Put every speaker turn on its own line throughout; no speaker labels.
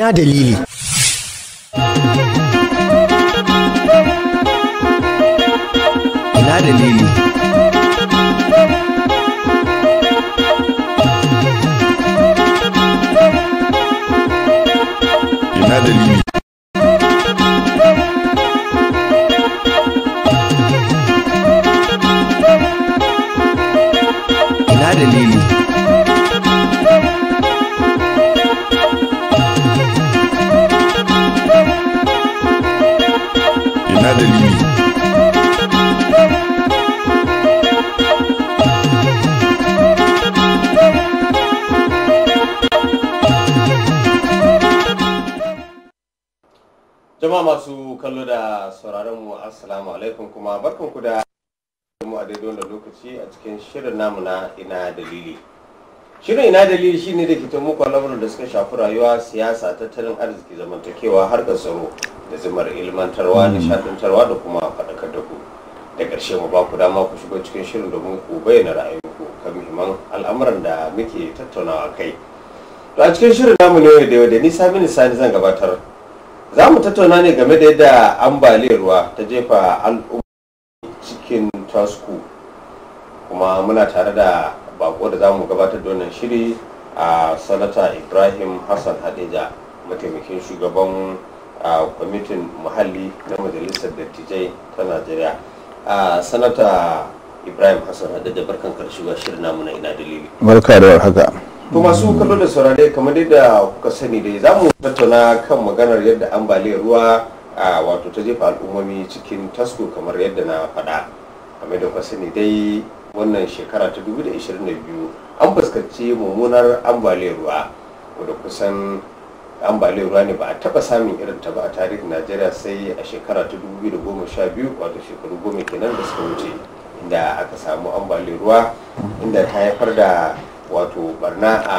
ina dalili shirin ina dalili shine da ke muku lamarin da suka shafi rayuwa siyasa tattalin arziki zamantakewa ga tsaro da zumar ilmantarwa hmm. nishadantarwa da kuma faɗakar da ku da ƙarshe mu ba ku dama ku shigo cikin shirin domin ku bayyana ra'ayinku kan muhimman al'amuran da muke tattaunawa kai to a cikin shirin namu ne da yau da ni sami sani zan gabatar za mu tattauna ne game da yadda ambaliyar ruwa ta jefa al'umma cikin tasku kuma muna tare da bako da zamu gabatar da wannan shiri a sanata ibrahim hassan hadija mataimakin shugaban kwamitin muhalli na majalisar dattijai ta najeriya a sanata ibrahim hassan hadija barkan karshe ga shirin namu na ina dalili
barka da haka
to masu kallo da saurare kamar yadda kuka sani dai za mu tattauna kan maganar yadda ambaliyar ruwa a wato ta jefa al'ummomi cikin tasko kamar yadda na faɗa kamar da kuka sani dai wannan shekara ta 2022 an fuskanci mummunar ambaliyar ruwa wadda kusan ambaliyar ruwa ne ba a taba samun irin ta ba a tarihin najeriya sai a shekara ta 2012 wato shekaru goma kenan da suka wuce inda aka samu ambaliyar ruwa inda ta haifar da wato barna a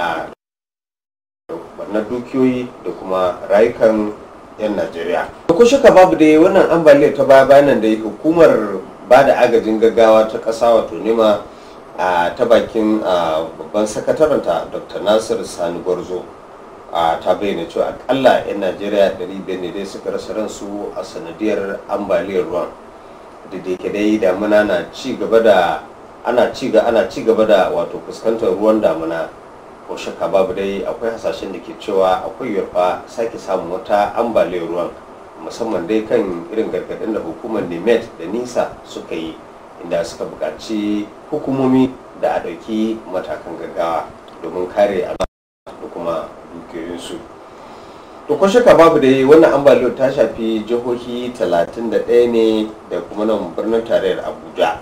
barnar dukiyoyi da kuma rayukan 'yan najeriya da shuka babu dai wannan ambaliyar ta baya bayanan da hukumar ba da agajin gaggawa ta ƙasa wato nema a ta bakin babban sakataranta dr nasir sani gwarzo ta bayyana cewa akalla 'yan najeriya 500 ne dai suka rasa ransu a sanadiyar ambaliyar ruwan da da dai damuna na ci gaba da ana ci ga ana ci gaba da wato fuskantar ruwan damuna ko shakka babu dai akwai hasashen da ke cewa akwai yarfa sake samun wata ambaliyar ruwan musamman dai kan irin gargaɗin da hukumar nemet da nisa suka yi inda suka buƙaci hukumomi da a ɗauki matakan gaggawa domin kare da kuma dukiyoyinsu to kwashe ka babu dai wannan ambaliyar ta shafi jihohi 31 ne da kuma nan birnin tarayyar abuja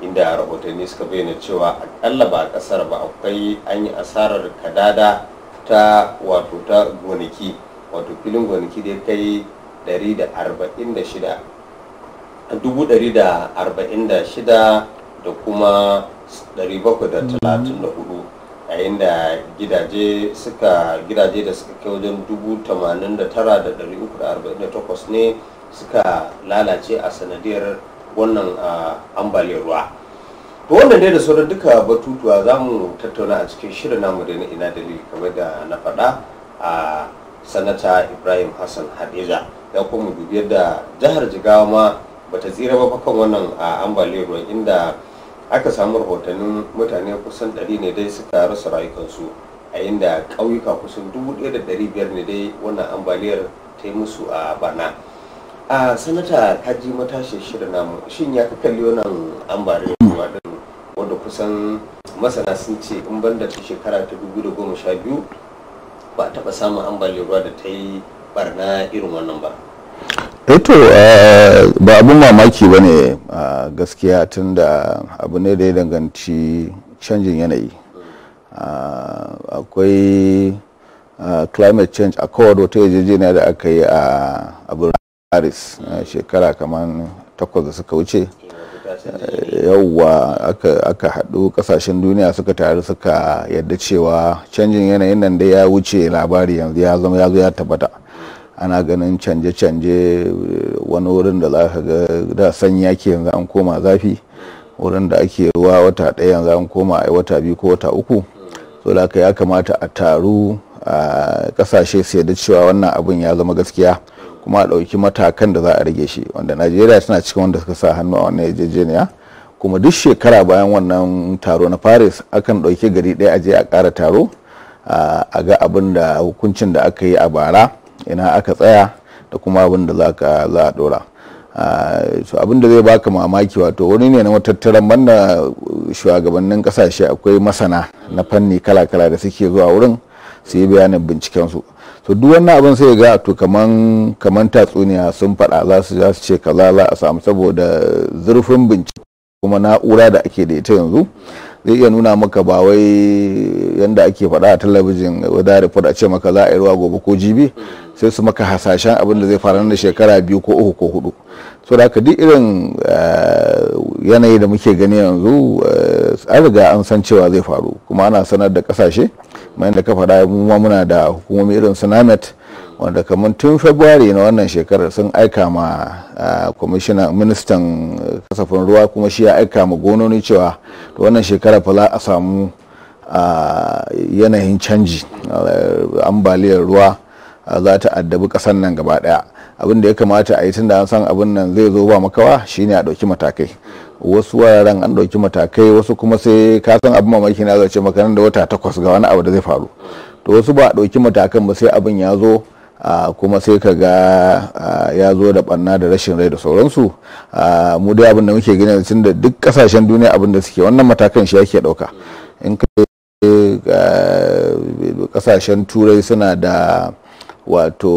inda rahotanni suka bayyana cewa akalla ba a kasar ba akwai an yi asarar kadada ta wato ta gonaki wato filin gonaki da ya kai 146 da kuma 734 yayin da gidaje suka gidaje da suka kai wajen 89,348 ne suka lalace a sanadiyar wannan ambaliyar ruwa to wannan dai da sauran duka batutuwa za mu tattauna a cikin shirin namu da ina dalili kamar da na faɗa a sanata ibrahim hassan hadiza Ya kuma dubi yadda jihar jigawa ma bata tsira ba kan wannan a ambaliyar ruwan inda aka samu rahotannin mutane kusan 100 ne dai suka rasa rayukansu a inda ƙauyuka kusan 1,500 ne dai wannan ambaliyar ta yi musu a bana a sanata kaji matashi shirin namu shin ya kalli wannan ambaliyar ruwa din wanda kusan masana sun ce in banda ta shekara ta da 2012 ba a taɓa samun ambaliyar ruwa da ta yi barna irin wannan ba
eto eh eh, ba abin mamaki ba ne gaskiya tun da abu ne da ya danganci canjin yanayi akwai climate change accord wata yarjejeniya da aka yi a birnin paris eh, shekara kamar takwas da suka wuce yauwa aka haɗu ƙasashen duniya suka taru suka yadda cewa canjin yanayin nan da ya wuce labari yanzu ya zama ya ya tabbata ana ganin canje-canje wani wurin da za ka ga da sanyi ake yanzu an koma zafi wurin da ake ruwa wata ɗaya yanzu an koma a wata biyu ko wata uku so da ya kamata a taru a ƙasashe su yadda cewa wannan abin ya zama gaskiya kuma a ɗauki matakan da za a rage shi wanda najeriya tana cikin wanda suka sa hannu a wannan yarjejeniya kuma duk shekara bayan wannan taro na paris akan ɗauki gari ɗaya aje a ƙara taro a ga abin da hukuncin da aka yi a bara ina aka tsaya da kuma abin da za a ɗora abin da zai baka mamaki wato wani ne na matattaran banda shugabannin kasashe akwai masana na fanni kala-kala da suke zuwa wurin su yi bayanin binciken su so duk wannan abin sai ga to kaman kaman tatsuniya sun faɗa za su za su ce kaza za a samu saboda zurfin bincike kuma na'ura da ake da ita yanzu zai iya nuna maka ba wai yanda ake faɗa a talabijin wadda report a ce maka za a yi ruwa gobe ko jibi sai su maka hasashen abin da zai faru na shekara biyu ko uku ko hudu so da haka duk irin eh, yanayi da muke gani yanzu eh, an riga an san cewa zai faru kuma ana sanar da kasashe mai da kafa da ma muna da hukumomi irin su namet wanda kamar tun february na wannan shekarar sun aika ma eh, kwamishina ministan kasafin ruwa kuma shi ya aika ma gononi cewa da wannan shekarar fa za a samu yanayin canji ambaliyar ruwa za ta addabi kasan nan gaba ɗaya abin da ya kamata a yi da an san abin nan zai zo ba makawa shine a ɗauki matakai wasu wararen an ɗauki matakai wasu kuma sai ka san abin mamaki na zace maka nan da wata takwas ga wani abu da zai faru to wasu ba a ɗauki matakan ba sai abin ya zo kuma sai ka ga ya zo da ɓanna da rashin rai da sauransu mu dai abin da muke gina tun da duk ƙasashen duniya abin da suke wannan matakan shi yake ɗauka in ka ƙasashen turai suna da wato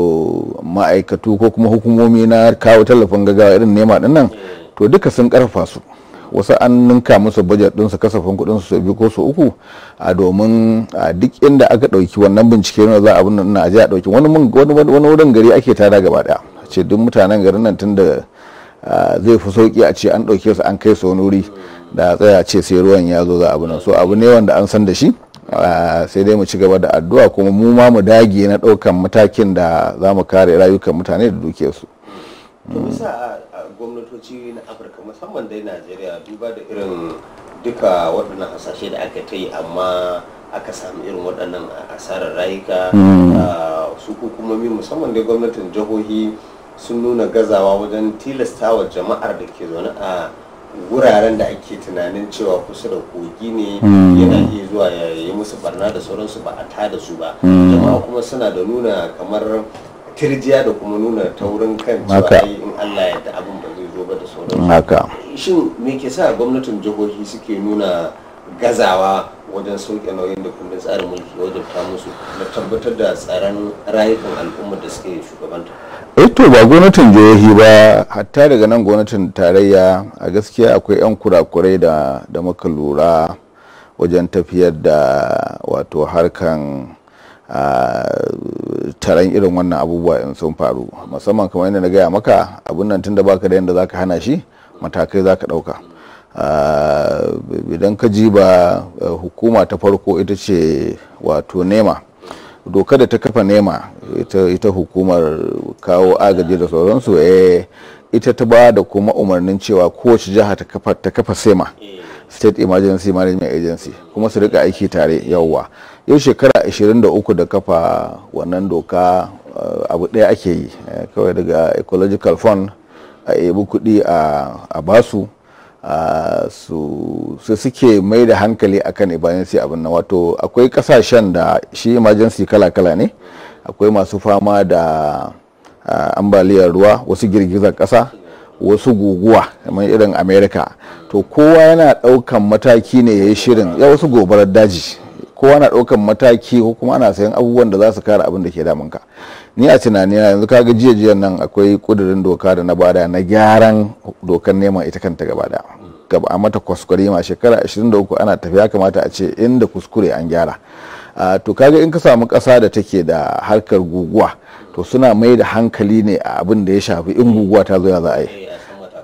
ma'aikatu ko kuma hukumomi na kawo tallafin gaggawa irin nema din nan to duka sun karfa su wasu an ninka musu bajet ɗinsu kasafin kuɗin su biyu ko su uku a domin a duk inda aka ɗauki wannan bincike na za a bin nan a a ɗauki wani wani wurin gari ake tada gaba ɗaya ce duk mutanen garin nan tun da zai fi sauki a ce an ɗauke su an kai su wani wuri da tsaya ce sai ruwan ya zo za a nan so abu ne wanda an san da shi sai dai mu ci gaba da addu'a kuma mu ma mu dage na ɗaukan matakin da za mu kare rayukan mutane da dukiyarsu.
bisa gwamnatoci na afirka musamman dai najeriya duba da irin duka waɗannan hasashe da aka ta yi amma aka samu irin waɗannan asarar rayuka mm. su hukumomi musamman dai gwamnatin jihohi sun nuna gazawa wajen tilastawa jama'ar da ke zaune a wuraren da ake tunanin cewa kusa da kogi ne hmm. yana iya zuwa ya yi musu barna da sauransu ba a tada su ba hmm. jama'a kuma suna da nuna kamar tirjiya da kuma nuna taurin kan cewa in Allah ya da abin ba zai zo ba da sauransu shin me ke sa gwamnatin jihohi suke nuna gazawa wajen sauke nauyin da kundin tsarin mulki wajen ta musu na tabbatar da tsaron rayukan al'ummar da suke shugabanta
Eh to ba gwamnatin jihohi ba hatta daga nan gwamnatin tarayya a gaskiya akwai 'yan kurakurai da da muka lura wajen tafiyar da wato harkan taron irin wannan abubuwa in sun faru musamman kamar yadda na gaya maka abin nan tun da baka da yadda zaka hana shi matakai zaka ɗauka idan ka ji ba eh, hukuma ta farko ita ce wato nema doka da ta kafa nema ita hukumar kawo agaji da sauransu eh ita ta ba da kuma umarnin cewa kowace jiha ta kafa sema state emergency management agency kuma su rika aiki tare yawwa yau shekara 23 da kafa wannan doka eh, abu ɗaya ake yi eh, kawai daga ecological fund a ebi kuɗi a basu su suke mai da hankali akan emergency abin nan wato akwai kasashen da shi emergency kala-kala ne akwai masu fama da ambaliyar ruwa wasu girgizar kasa wasu guguwa kamar irin america to kowa yana daukan mataki ne ya yi shirin ya wasu gobarar daji kowa na ɗaukan mataki ko kuma ana sayan abubuwan da za su kare abin da ke damunka ni a tunani na yanzu kaga jiya jiya nan akwai kudirin doka da na bada na gyaran dokar neman ita kanta gaba da gaba a mata kuskure ma shekara 23 ana tafiya kamata a ce inda kuskure an gyara to kaga in ka samu kasa da take da harkar guguwa to suna mai da hankali ne a abin da ya shafi in guguwa ta zo ya za a yi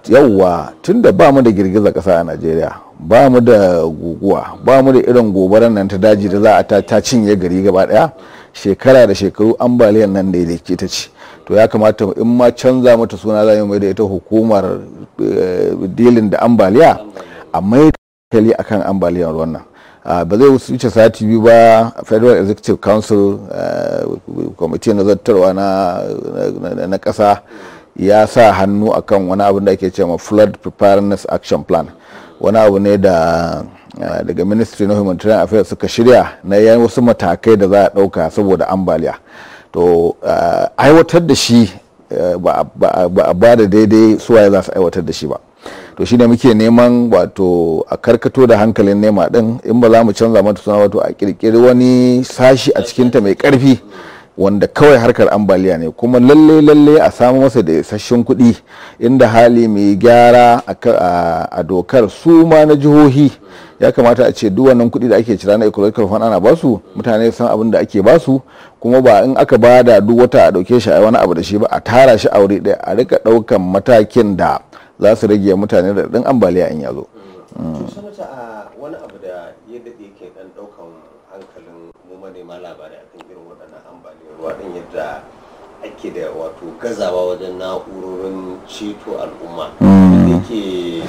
yauwa tunda ba mu da girgiza ƙasa a najeriya ba mu da guguwa ba mu da irin gobarar nan ta daji da za a ta cinye gari gaba daya shekara da shekaru ambaliyar nan da ke ta ci to ya kamata in ma canza mata suna za mai da ita hukumar eh, dilin da ambaliya a mai kali akan ambaliyar ruwan nan ah, ba zai wuce sati biyu ba federal executive council committee eh, na zartarwa na kasa ya sa hannu akan wani abin da ake cewa flood preparedness action plan wani abu ne da eh, daga ministry na humanitarian affairs suka shirya na yan wasu matakai da za a dauka saboda ambaliya to eh, aiwatar da shi eh, ba a ba da daidai suwaye za su aiwatar da shi ba to shi ne muke neman wato a karkato da hankalin nema din in ba za mu canza mata suna wato a kirkiri wani sashi a cikinta mai karfi wanda kawai harkar ambaliya ne kuma lalle lalle a samu masa da isasshen kuɗi inda hali mai gyara a dokar su ma na jihohi ya kamata a ce duk wannan kuɗi da ake cira na ecological fund ana su mutane san abin da ake su kuma ba in aka ba da duk wata a dauke shi a wani abu da shi ba a tara shi a wuri ɗaya a rika ɗaukan matakin da za su rage mutane da ɗin ambaliya in ya
da ake da wato gazawa wajen na'urorin ceto al'umma mm. da ke eh,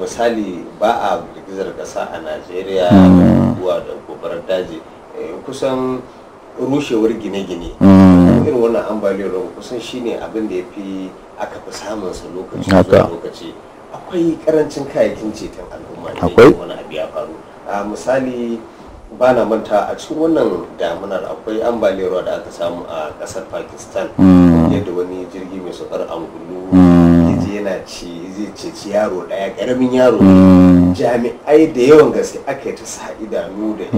misali
ba a girgizar kasa a najeriya da mm. da gobarar daji eh, kusan rushewar gine-gine mm.
irin wannan ambaliyar kusan shine abin da ya fi aka fi samun sa lokaci zuwa lokaci akwai karancin kayakin ceton al'umma ne wani abu ya faru a ah, misali ba na manta a cikin wannan damunar akwai ambaliyarwa da aka samu a kasar pakistan hmm. yadda wani jirgi mai saukar angulu hmm. yaji yana ci zai ceci yaro daya karamin yaro
hmm.
jami'ai da yawan gaske aka yi ta sa idanu da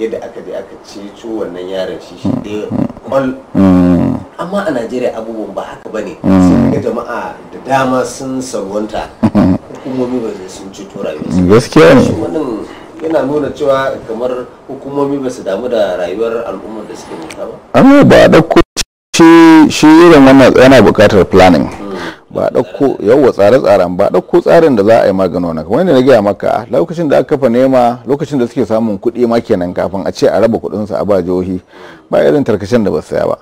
yadda aka je aka ceto wannan yaron shi shi kwal amma a najeriya abubuwan ba haka bane ne sai ga jama'a da dama sun salwanta hukumomi ba zai sun ceto rayuwarsu gaskiya ne yana nuna cewa kamar hukumomi ba su damu da rayuwar al'ummar da suke mota ba
amma ba a shi irin wannan yana buƙatar planning hmm. ba ɗauko yawwa tsare-tsaren ba ɗauko tsarin da za a yi maganin wannan kamar yadda na gaya maka lokacin da aka kafa nema lokacin da suke samun kuɗi ma kenan kafin a ce a raba kuɗinsu a ba jihohi ba irin tarkacen da ba su saya ba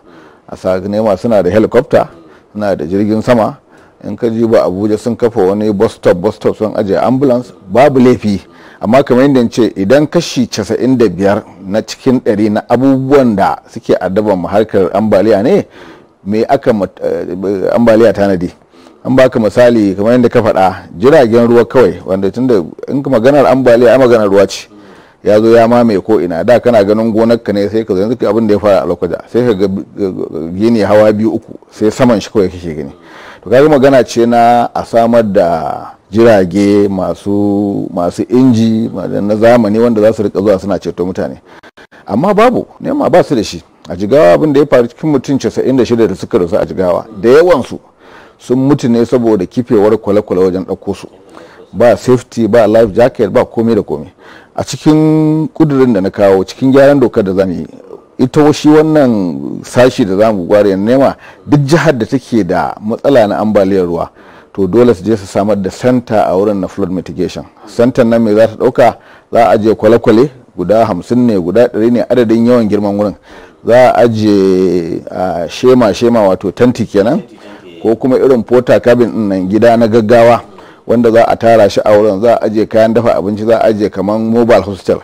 a sa nema suna da helicopter suna da jirgin sama in ka ji ba abuja sun kafa wani bus stop bus stop sun ajiye ambulance babu laifi amma kamar yadda ce idan kashi 95 na cikin 100 na abubuwan da suke addaban harkar ambaliya ne me aka eh, ambaliya tanadi an baka misali kamar yadda ka faɗa jiragen ruwa kawai wanda tunda in maganar ambaliya a maganar ruwa ce ya zo ya mame ko ina da kana ganin gonarka ne sai ka zo yanzu abin da ya fara a sai ka ga gini hawa biyu uku sai saman shi kawai kake gani to kaga magana ce na a samar da jirage masu inji na zamani wanda za su rika zuwa suna ceto mutane amma babu nema ba su da shi a jigawa abin da ya faru cikin mutum 96 da suka rasu a jigawa da yawansu sun mutu ne saboda kifewar kwale-kwale wajen ɗauko su ba safety ba life jacket ba komai da komai a cikin kudurin da na kawo cikin gyaran dokar da zamu yi ita shi wannan sashi da zamu gware nema duk jihar da take da matsala na ambaliyar ruwa to dole su je su samar da center a wurin na flood mitigation center nan mai za ta dauka za a ajiye kwale-kwale guda hamsin ne guda ɗari ne adadin yawan girman wurin za a ajiye shema shema wato tanti kenan ko kuma irin porta cabin nan gida na gaggawa wanda za a tara shi a wurin za a ajiye kayan dafa abinci za a ajiye kamar mobile hostel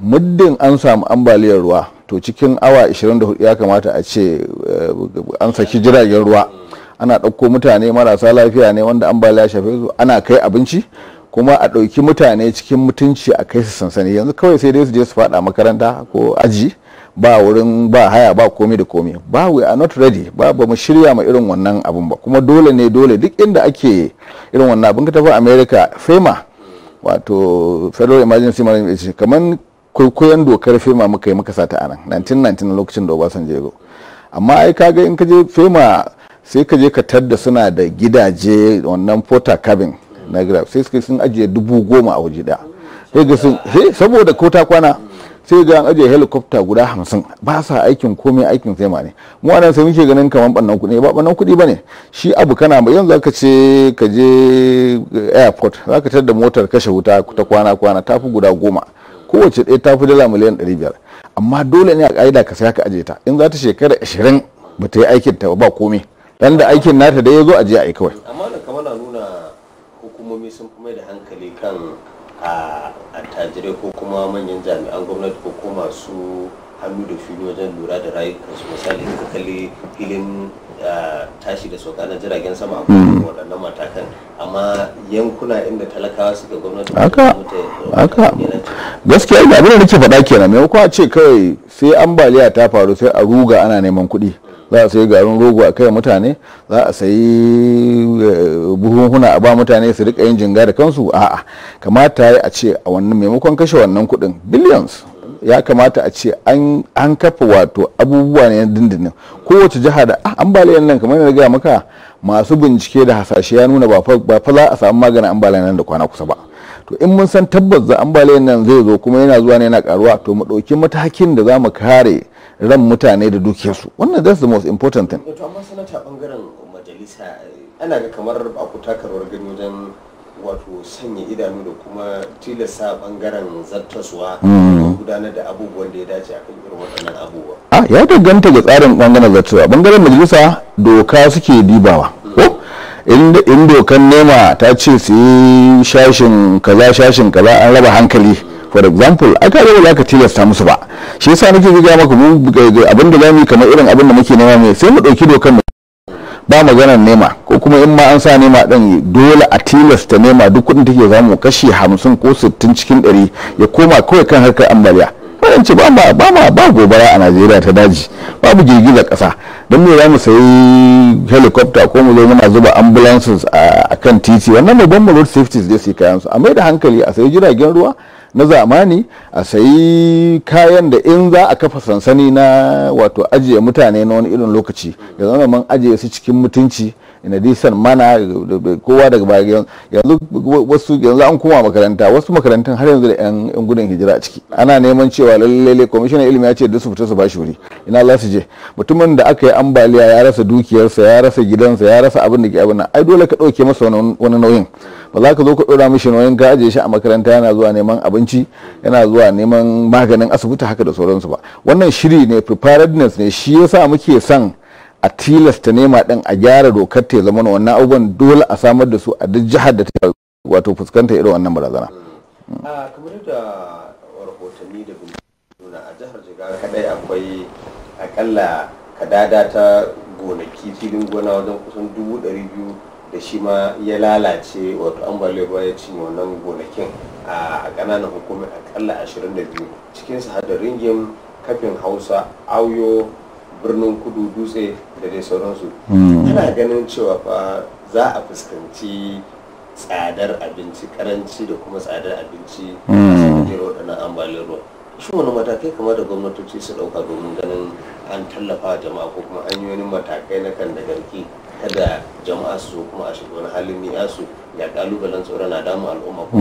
muddin an samu ambaliyar ruwa to cikin awa 24 ya kamata a ce eh, an saki jiragen ruwa ana ɗauko mutane marasa lafiya ne wanda ambaliya shafe su ana kai abinci kuma a ɗauki mutane cikin mutunci a kai su sansani yanzu kawai sai dai su je su faɗa makaranta ko aji ba wurin ba haya ba komi da komi ba we are not ready ba ba mu shirya ma irin wannan abun ba kuma dole ne dole duk inda ake irin wannan abin ka tafi america fema wato federal emergency management kaman kamar kwaikwayon dokar fema muka yi muka sata a nan 1919 lokacin da obasanjo ya amma ai kaga in ka je fema sai ka je ka tadda suna da gidaje wannan porta cabin na grab sai suka sun ajiye dubu goma a waje daya sai ga sun saboda ko ta kwana sai ga an ajiye helicopter guda hamsin ba sa aikin komai aikin sai ma ne mu anan sai muke ganin kamar bannan kuɗi ba bannan kuɗi bane shi abu kana ba yanzu zaka ce ka je eh, airport zaka tadda motar kashe wuta ta kwana kwana tafi guda goma kowace ɗaya tafi dala miliyan ɗari biyar amma dole ne a ka'ida ka sai ka ajiye ta in za ta shekara ashirin ba ta yi aikin ta ba komai dan da aikin nata da ya zo a je a yi kawai
amma da kamar na nuna hukumomi sun fi mai da hankali kan a attajirai ko kuma manyan jami'an gwamnati ko kuma masu hannu da fili wajen lura da rayukansu misali da kalli filin tashi da sauka na jiragen sama a hmm. waɗannan matakan amma yankuna inda talakawa suka gwamnati haka haka
gaskiya da abin da nake faɗa kenan maimakon a ce kai sai ambaliya ta faru sai a ruga ana neman kuɗi za a sayi garin rogo a kai mutane za a sayi eh, buhunhuna a ba mutane su rika yin jinga da kansu a'a kamata ya a ce a wannan maimakon kashe wannan kuɗin billions ya kamata a ce an kafa wato abubuwa ne dindindin kowace jiha da ah, ambaliyan nan kamar yana gaya maka masu bincike da hasashe ya nuna ba fa za a samu maganin ambaliyan nan da kwana kusa ba to in mun san tabbas za ambaliyan nan zai zo kuma yana zuwa ne yana karuwa to mu ɗauki matakin da za mu kare ran mutane da dukiyarsu wannan that's the most important thing
to amma sanata
bangaren majalisa ana ga kamar ba ku gani wajen
wato sanya idanu da kuma tilasta bangaren zartaswa
hmm. gudanar da
abubuwan da ya dace a kan irin
waɗannan abubuwa ah, ya danganta ga tsarin bangaren zartaswa bangaren majalisa doka suke dibawa hmm. in dokan nema ta ce su yi shashin kaza shashin kaza an raba hankali hmm. for example a kare ba za tilasta musu ba shi yasa nake ga maka mu abin da zamu kamar irin abin da muke nema ne sai mu dauki dokan ba magana nema ko kuma in ma an sa nema din dole a tilasta nema duk kudin take zamu kashi 50 ko 60 cikin 100 ya koma kawai kan harkar ambaliya bayan ce ba ma ba ma ba gobara a Najeriya ta daji babu girgiza kasa don me zamu mu sayi helicopter ko mu zo muna zuba ambulances a kan titi wannan ne ban road safety suyi sai kayan su a mai da hankali a sayi jiragen ruwa na zamani a sayi kayan da in za a kafa sansani na wato ajiye mutane na wani irin lokaci da zama man ajiye su cikin mutunci in a decent manner kowa daga baya yanzu wasu yanzu an koma makaranta wasu makarantun har yanzu da yan gudun hijira a ciki ana neman cewa lalle kwamishinan ilimi ya ce duk su fita su bashi wuri ina za su je mutumin da aka yi ambaliya ya rasa dukiyarsa ya rasa gidansa ya rasa abin da ke abin ai dole ka ɗauke masa wani nauyin ba za ka zo ka ɗora mishi nauyin ka ajiye shi a makaranta yana zuwa neman abinci yana zuwa neman maganin asibiti haka da sauransu ba wannan shiri ne preparedness ne shi yasa muke son a tilasta nema din a gyara dokar ta zama wannan abubuwan dole a samar da su a duk jihar da ta wato fuskanta irin wannan barazana
kamar yadda rahotanni da nuna a jihar jigawa kadai akwai akalla kadada ta gonaki filin gona wajen kusan dubu ɗari biyu da shi ma ya lalace wato ambaliyar ruwa ya cinye wannan gonakin a ƙananan hukumar akalla ashirin da biyu cikinsa har da ringin kafin hausa auyo birnin kudu dutse da dai sauransu
Ana hmm.
ganin cewa fa za a fuskanci tsadar abinci karanci da kuma tsadar abinci a hmm. waɗannan ruwa shi wani matakai kamar da gwamnatoci su ɗauka domin ganin an tallafa jama'a ko kuma hanyoyin matakai na kan da garki kada jama'a su kuma a shiga wani halin miyasu ya kalubalen tsoron na damun al'umma ko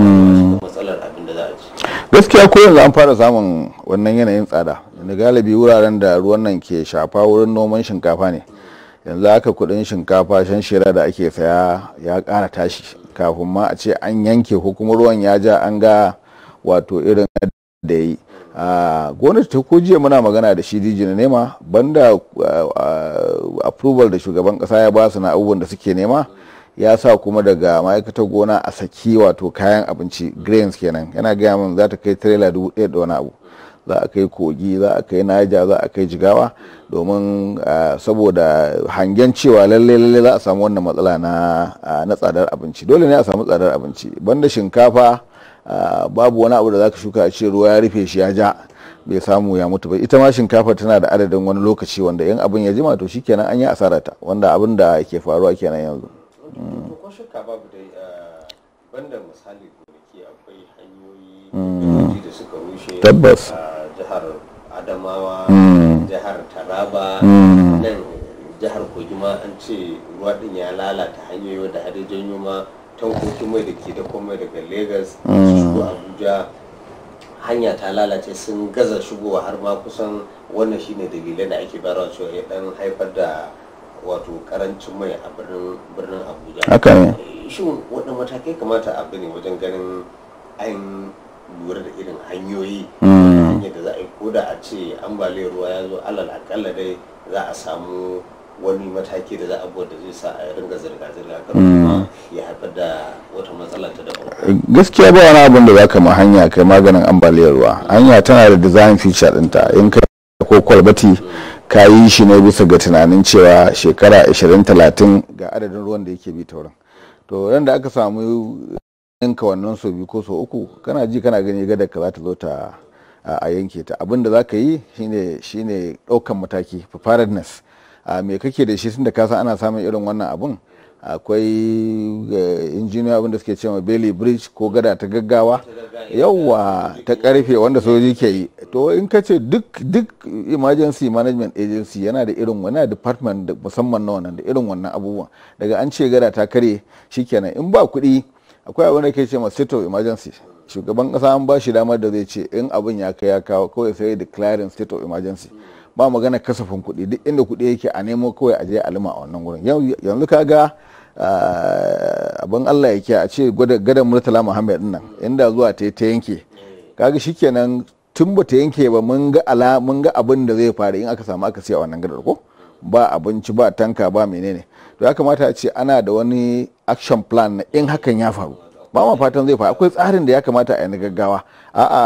matsalar abin da za a ci
gaskiya ko yanzu an fara samun wannan yanayin tsada da galibi wuraren da ruwan nan ke shafa wurin noman shinkafa ne yanzu aka kudin shinkafa shan shira da ake saya ya kara tashi kafin ma a ce an yanke kuma ruwan ya ja an ga wato irin da yi a gwamnati ta jiya muna magana da shi na nema banda approval da shugaban kasa ya ba su na abubuwan da suke nema ya sa kuma daga ma'aikatar gona a saki wato kayan abinci grains kenan yana gaya min za ta kai trailer dubu ɗaya da wani abu za a kai kogi za a kai naja za a kai jigawa domin saboda hangen cewa lalle lalle za a samu wannan matsala na tsadar abinci dole ne a samu tsadar abinci banda shinkafa babu wani abu da za ka shuka a ce ruwa ya rufe shi ya ja bai samu ya mutu ba ita ma shinkafa tana da adadin wani lokaci wanda yan abin ya jima to kenan an yi asarata wanda abin da ke faruwa kenan yanzu to
ko shakka babu dai eh, banda misali gonaki akwai
hanyoyi mm. da suka rushe tabbas a
eh, jihar
adamawa mm. jihar taraba mm. nan jihar kogima an ce
ruwa din ya lalata hanyoyi da har janyo ma tankoki mai da ke da komai daga lagos su abuja hanya ta lalace sun gaza shigowa har ma kusan wannan shine dalilai da ake barawa cewa ya dan haifar da wato karancin mai a birnin abuja haka ne eh, shin wadda matakai kamata a bi ne wajen ganin ayin
lura da irin hanyoyi hmm. hanyar da za a yi koda a ce ambaliyar ruwa ya zo alal akalla
dai za a samu wani mataki da za a da zai sa a ringa zirga-zirga hmm. kuma ya haifar da wata matsala ta daban
gaskiya ba wani abin da za ka hanya kai maganin ambaliyar ruwa hanya tana da design feature ɗinta in kai ko kwalbati hmm. ka yi shi ne bisa ga tunanin cewa shekara 20-30 ga adadin ruwan da yake bi taurin to ran da aka samu yanka wannan so biyu ko so uku kana ji kana gani gada ka za ta zo ta a yanke ta abin da za ka yi shine shine ɗaukan mataki preparedness me kake da shi tunda ka san ana samun irin wannan abun akwai eh, injiniya abinda suke cewa bailey bridge ko gada ta gaggawa yauwa ta karfe wanda soji ke yi to in ka ce duk duk emergency management agency yana da irin wani department da musamman na wannan da irin wannan abubuwan daga an ce gada ta kare shikenan in ba kuɗi akwai abin da ke ce ma state of emergency shugaban kasa an ba shi damar da zai ce in abin ya kai ya kawo kawai sai declaring state of emergency ba magana kasafin kuɗi duk inda kuɗi yake a nemo kawai a je a lima a wannan wurin yanzu ka ga Ah, abin allah ya kiya a ce gadon murtala muhammad nan inda zuwa ta ta yanke kaga shikenan tun ba ta yanke ba mun ga ala mun ga abin da zai faru in aka samu aka siya wannan gadar ko ba abinci ba tanka ba menene to ya kamata a ce ana da wani action plan na in hakan ya faru ba ma fatan zai faru akwai tsarin da ya kamata a yi na gaggawa a'a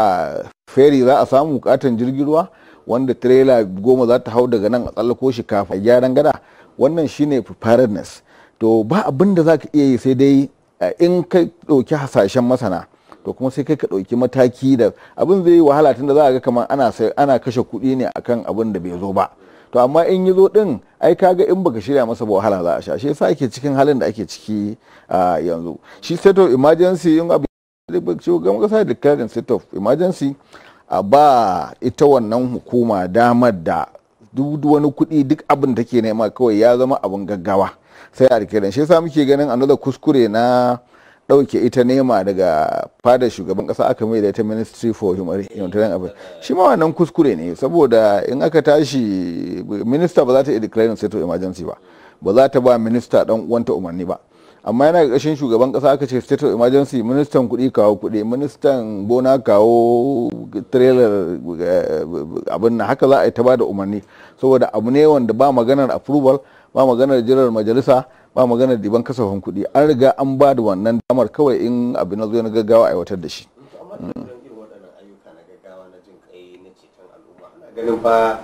feri za a samu bukatan jirgin ruwa wanda trailer goma za ta hau daga nan a tsallako shi kafa gyaran gada wannan shine preparedness to ba abin da za ka iya yi sai dai eh, in ka ɗauki hasashen masana to kuma sai kai ka ɗauki mataki da abin zai yi wahala tun da za a ga kamar ana ana kashe kuɗi ne akan abin da bai zo ba to amma in yi zo ɗin ai ga in baka shirya masa ba wahala za a sha shi yasa ake cikin halin da ake ciki yanzu shi state of emergency in abu shugaban kasa da declaring state of emergency a ba ita wannan hukuma damar da duk wani kuɗi duk abin take nema kawai ya zama abin gaggawa sai a rike shi yasa muke ganin another kuskure na dauke ita nema daga fadar shugaban kasa aka mai da ita ministry for humanitarian affairs shi ma wannan kuskure ne saboda in aka tashi minista ba za ta iya declaring state of emergency ba ba za ta ba minista dan uwanta umarni ba amma yana ƙarshen shugaban ƙasa aka ce state of emergency ministan kuɗi kawo kuɗi ministan bona kawo trailer eh, abin haka za a yi ta ba da umarni saboda abu ne wanda ba maganar approval ba maganar jirar majalisa ba maganar diban kasafin kuɗi an riga an ba da wannan damar kawai in abin na zo na gaggawa aiwatar da shi
ganin fa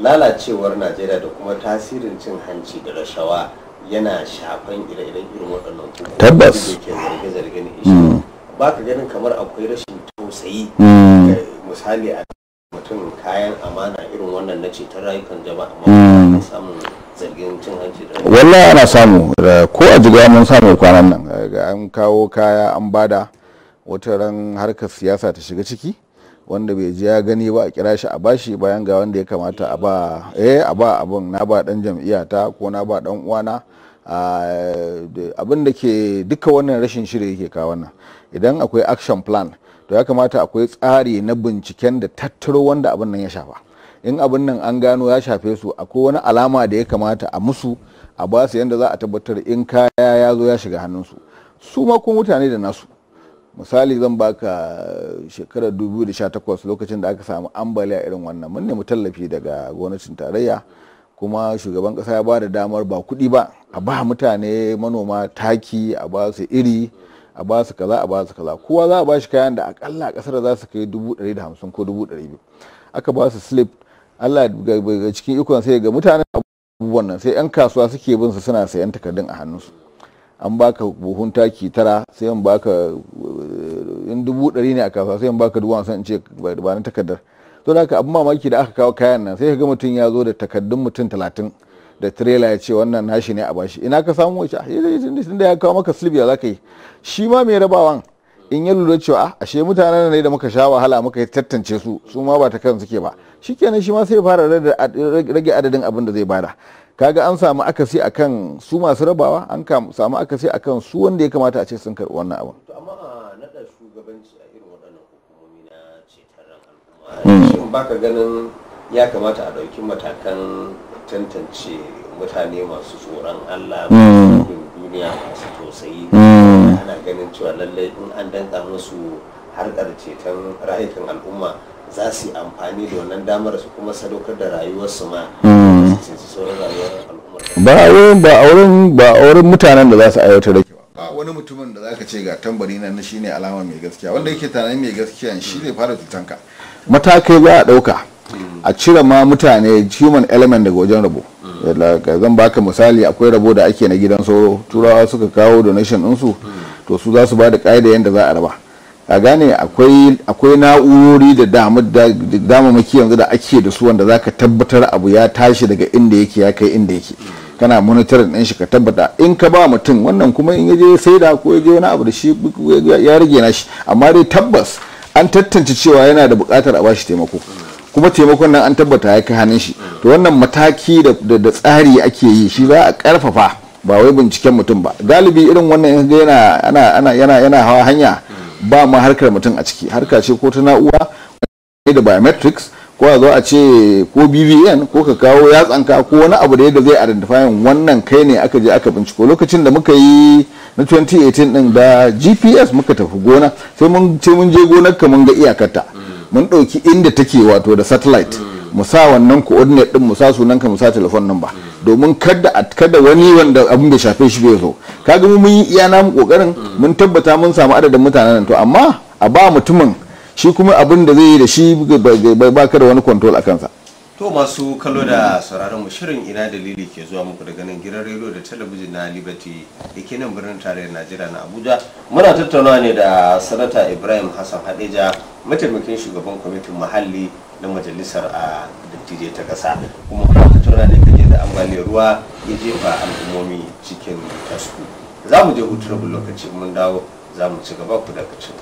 lalacewar najeriya da kuma tasirin cin hanci da rashawa yana shafan ire-iren irin waɗannan kuma tabbas zarge-zarge ne mm. ba ka ganin kamar akwai rashin tausayi mm. misali a mutum kayan amana irin wannan na ceton rayukan jama'a amma samun wallahi ana
samu ko a jiga mun samu kwanan nan an kawo kaya an bada wata ran harkar siyasa ta shiga ciki wanda bai ji ya gani ba a kira shi a bashi bayan ga wanda ya kamata a ba eh a ba abin na ba dan jam'iyya ta ko na ba dan uwana abin da ke duka wannan rashin shiri yake kawo wannan idan akwai action plan to ya kamata akwai tsari na binciken da tattaro wanda abin nan ya shafa in abin nan an gano ya shafe su akwai wani alama da ya kamata a musu a ba su yadda za a tabbatar in kaya ya zo ya shiga hannunsu su ma kuma mutane da nasu misali zan baka shekarar 2018 lokacin da aka samu ambaliya irin wannan mun nemi tallafi daga gwamnatin tarayya kuma shugaban kasa ya ba da damar ba kuɗi ba a ba mutane manoma taki a ba su iri a ba su kaza a ba su kaza kowa za a ba shi kayan da akalla a kasar za su kai 150 ko 200 aka ba su slip Allah ga cikin ikon sai ga mutanen abubuwan nan sai 'yan kasuwa suke bin su suna sayan takardun a hannunsu an baka buhun taki tara sai an baka eh, in dubu ɗari ne a kasuwa sai an baka dubu san in ce ba na takardar to da haka abin mamaki da aka kawo kayan nan sai ka ga mutum ya zo da takardun mutum talatin da trailer ya ce wannan nashi ne a bashi ina ka samu wace ah, da ya kawo maka silbiya za ka yi shi ma mai rabawan in ya lura cewa ah, ashe mutanen ne da muka sha wahala muka yi tattance su su ma ba ta kan suke ba shi kenan shi ma sai fara rage adadin abin da zai bada kaga an samu akasi akan su masu rabawa an samu akasi akan su wanda ya kamata a ce sun karɓi wannan abin amma a
naɗa shugabanci a irin waɗannan hukumomi na al'umma hmm. shin baka ganin ya kamata a ɗauki matakan tantance mutane masu tsoron Allah
mm. masu duniya masu tausayi mm. ana
ganin cewa lallai in an danka musu harkar ceton rayukan al'umma za su yi amfani da wannan damar su
kuma sadaukar da rayuwarsu ma mm. ba a wurin ba a wurin ba a wurin mutanen da za su aiwatar da ba wani mutumin da zaka ce ga tambari nan shine alama mai gaskiya wanda yake tunanin mai gaskiya shi ne fara tutanka matakai za a dauka a cire ma mutane human element daga wajen rabo zan baka misali akwai rabo da ake na gidan sauro turawa suka kawo donation ɗinsu to su za su ba da ƙa'ida yadda za a raba a gane akwai na'urori da damamaki yanzu da ake da su wanda za ka tabbatar abu ya tashi daga inda yake ya kai inda yake kana monitor ɗin shi ka tabbata in ka ba mutum wannan kuma in yaje sai da ko yaje wani abu da shi ya rage na shi amma dai tabbas an tantance cewa yana da bukatar a bashi taimako kuma taimakon nan an tabbata ya kai hannun shi to wannan mataki da tsari ake yi shi za a karfafa ba wai binciken mutum ba galibi irin wannan yana ana yana yana hawa hanya ba ma harkar mutum a ciki harka ce ko ta na'ura da biometrics ko a zo a ce ko bbn ko ka kawo yatsanka ko wani abu da yadda zai identifying wannan kai ne aka je aka binciko lokacin da muka yi na 2018 din da gps muka tafi gona sai mun je gonar ka mun ga iyakarta mun ɗauki inda take wato da satellite mu sa wannan coordinate din mu sa sunan ka mu sa telephone number domin kada kada wani wanda abin da shafe shi bai zo kaga mu mun yi iya namu kokarin mun tabbata mun samu adadin mutanen nan to amma a ba mutumin shi kuma abin da zai yi da shi bai baka da wani control a kansa
to masu kallo da sauraron mu shirin ina dalili ke zuwa muku daga nan gidan rediyo da talabijin na liberty dake nan birnin tarayyar najeriya na abuja muna tattaunawa ne da sanata ibrahim hassan hadeja mataimakin shugaban kwamitin muhalli na majalisar a dattijai ta ƙasa kuma wata tuna da kaje da ambaliyar ruwa ya jefa al'ummomi cikin tasku za mu je hutu rabin lokaci mun dawo za mu ci gaba ku daga cin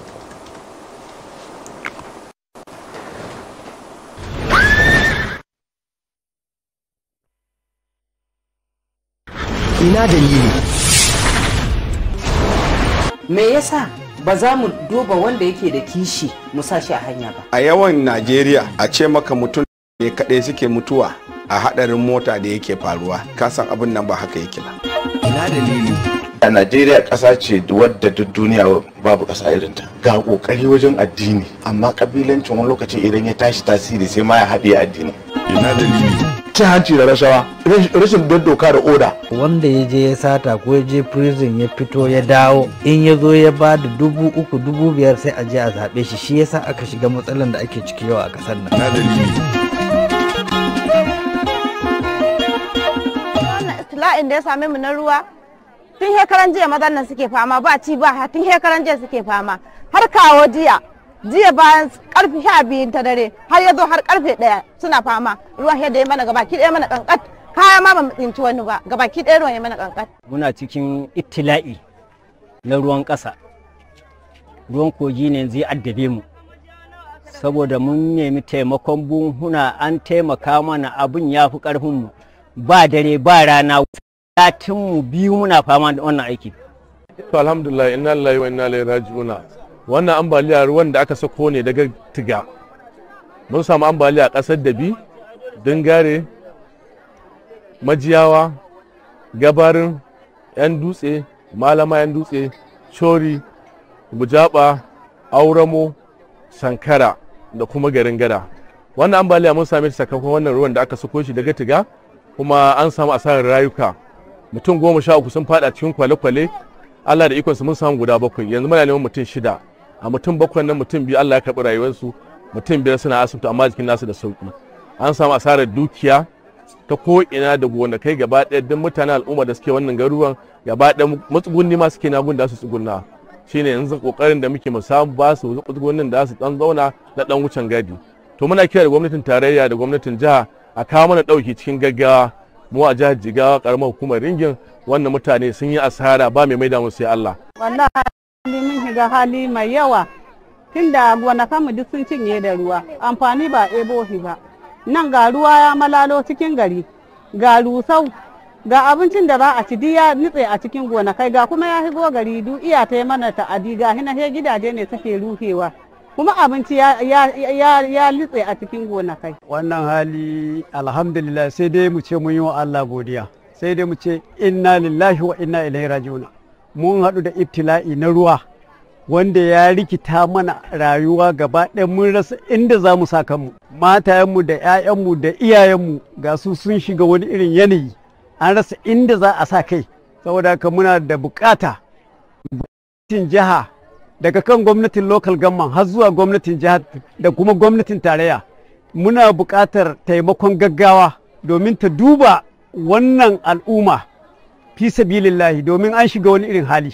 ina dalili me yasa ba za mu
duba wanda yake da kishi mu sa shi a hanya ba
a yawan najeriya a ce maka mutum ne kaɗai suke mutuwa a haɗarin mota da yake faruwa kasan abin nan ba haka yake ba ina dalili a najeriya ƙasa ce wadda duk duniya babu ƙasa irinta ga ƙoƙari wajen addini amma ƙabilancin wani lokaci idan ya tashi tasiri sai ma ya haɗe addini
ina dalili
cin hanci da rashawa rashin don doka da oda wanda ya je
ya sata ko ya je prison ya fito ya dawo in ya zo ya ba da dubu uku dubu biyar sai a je a zaɓe shi shi yasa aka shiga matsalan da ake ciki yau a kasar nan bala'in da ya same mu na
ruwa tun hekaran jiya mazan nan suke fama ba ci ba tun hekaran jiya suke fama har kawo jiya jiya bayan karfe sha biyun ta dare har ya zo har karfe daya suna fama ruwan yadda ya mana gabaki daya mana kankat kaya ma ba tsinci wani ba gabaki daya ruwan ya mana kankat muna cikin itilai na ruwan kasa ruwan kogi ne zai addabe mu saboda mun nemi taimakon buhuna an
taimaka mana abun ya fi karfin mu ba dare ba rana mu biyu muna fama da wannan aiki. To alhamdulillah inna lillahi wa inna ilaihi raji'un. Wannan ambaliya ruwan da aka sako ne daga tiga. Mun samu ambaliya kasar Dabi, Dingare, Majiyawa, Gabarin, Yan Dutse, Malama Yan Dutse, Chori, Bujaba, Auramo, Sankara da kuma garin Gada. Wannan ambaliya mun same ta sakamakon wannan ruwan da aka sako shi daga tiga kuma an samu asarar rayuka. mutum goma sha uku sun fada cikin kwale-kwale Allah da ikonsa mun samu guda bakwai yanzu muna neman mutum shida a mutum bakwai nan mutum biyu Allah ya karɓi rayuwarsu mutum biyar suna asibiti amma jikin nasu da sauki an samu asarar dukiya ta ko'ina da gonakai gaba ɗaya duk mutanen al'umma da suke wannan garuruwan gaba ɗaya matsugunni ma suke nagun da su tsugunna shine yanzu kokarin da muke mu samu ba su matsugunnin da su dan zauna na ɗan wucin gadi to muna kira da gwamnatin tarayya da gwamnatin jiha a kawo mana ɗauki cikin gaggawa mu a jihar jigawa karamar hukumar ringin wannan mutane sun yi asara ba mai maida musu ya Allah
wallahi mun shiga hali mai yawa
tunda gonakan mu duk sun cinye da ruwa amfani ba ebo shi ba nan ga ruwa ya malalo cikin gari ga rusau ga abincin da ba a ci ya nutse a cikin gonakai ga kuma ya higo gari duk iya ta mana ta'adi ga hina gidaje ne suke ruhewa. kuma abinci ya litse a cikin gonakai. Wannan hali alhamdulillah sai dai mu ce mun yi wa Allah godiya sai dai mu ce inna lillahi wa inna ilaihi raji'un mun haɗu da ibtila'i na ruwa wanda ya rikita mana rayuwa gaba ɗaya mun rasa inda za mu sa mu. matayenmu da 'ya'yanmu da iyayenmu ga su sun shiga wani irin yanayi an rasa inda za a sa kai saboda haka muna da bukata jiha daga kan gwamnatin lokal gamman har zuwa gwamnatin jihar da kuma gwamnatin tarayya muna buƙatar taimakon gaggawa domin ta duba wannan al'umma fi sabilillahi domin an shiga wani irin hali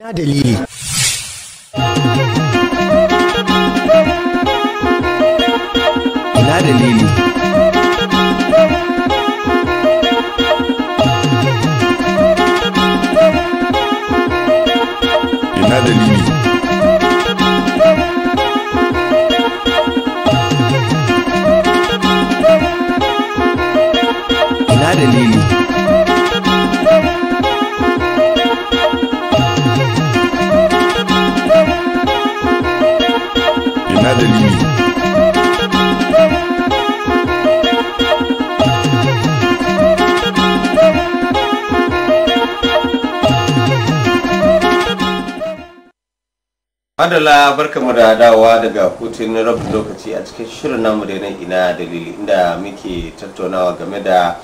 Ina dalili ina dalili
Madala mu da dawowa daga hutun rabin lokaci a cikin shirin namu da nan ina dalili inda muke tattaunawa game da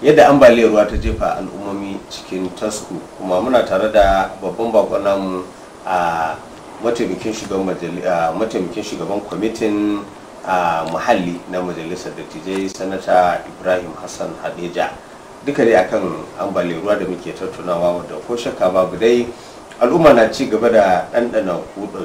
yadda ambaliyar ruwa ta jefa al'ummomi cikin tasku kuma muna tare da babban bakon namu a mataimakin shugaban kwamitin muhalli na majalisar dattijai sanata ibrahim hassan hadeja duka dai akan ambaliyar ruwa da muke tattaunawa wadda ko shakka babu dai al'umma na ci gaba da ɗanɗana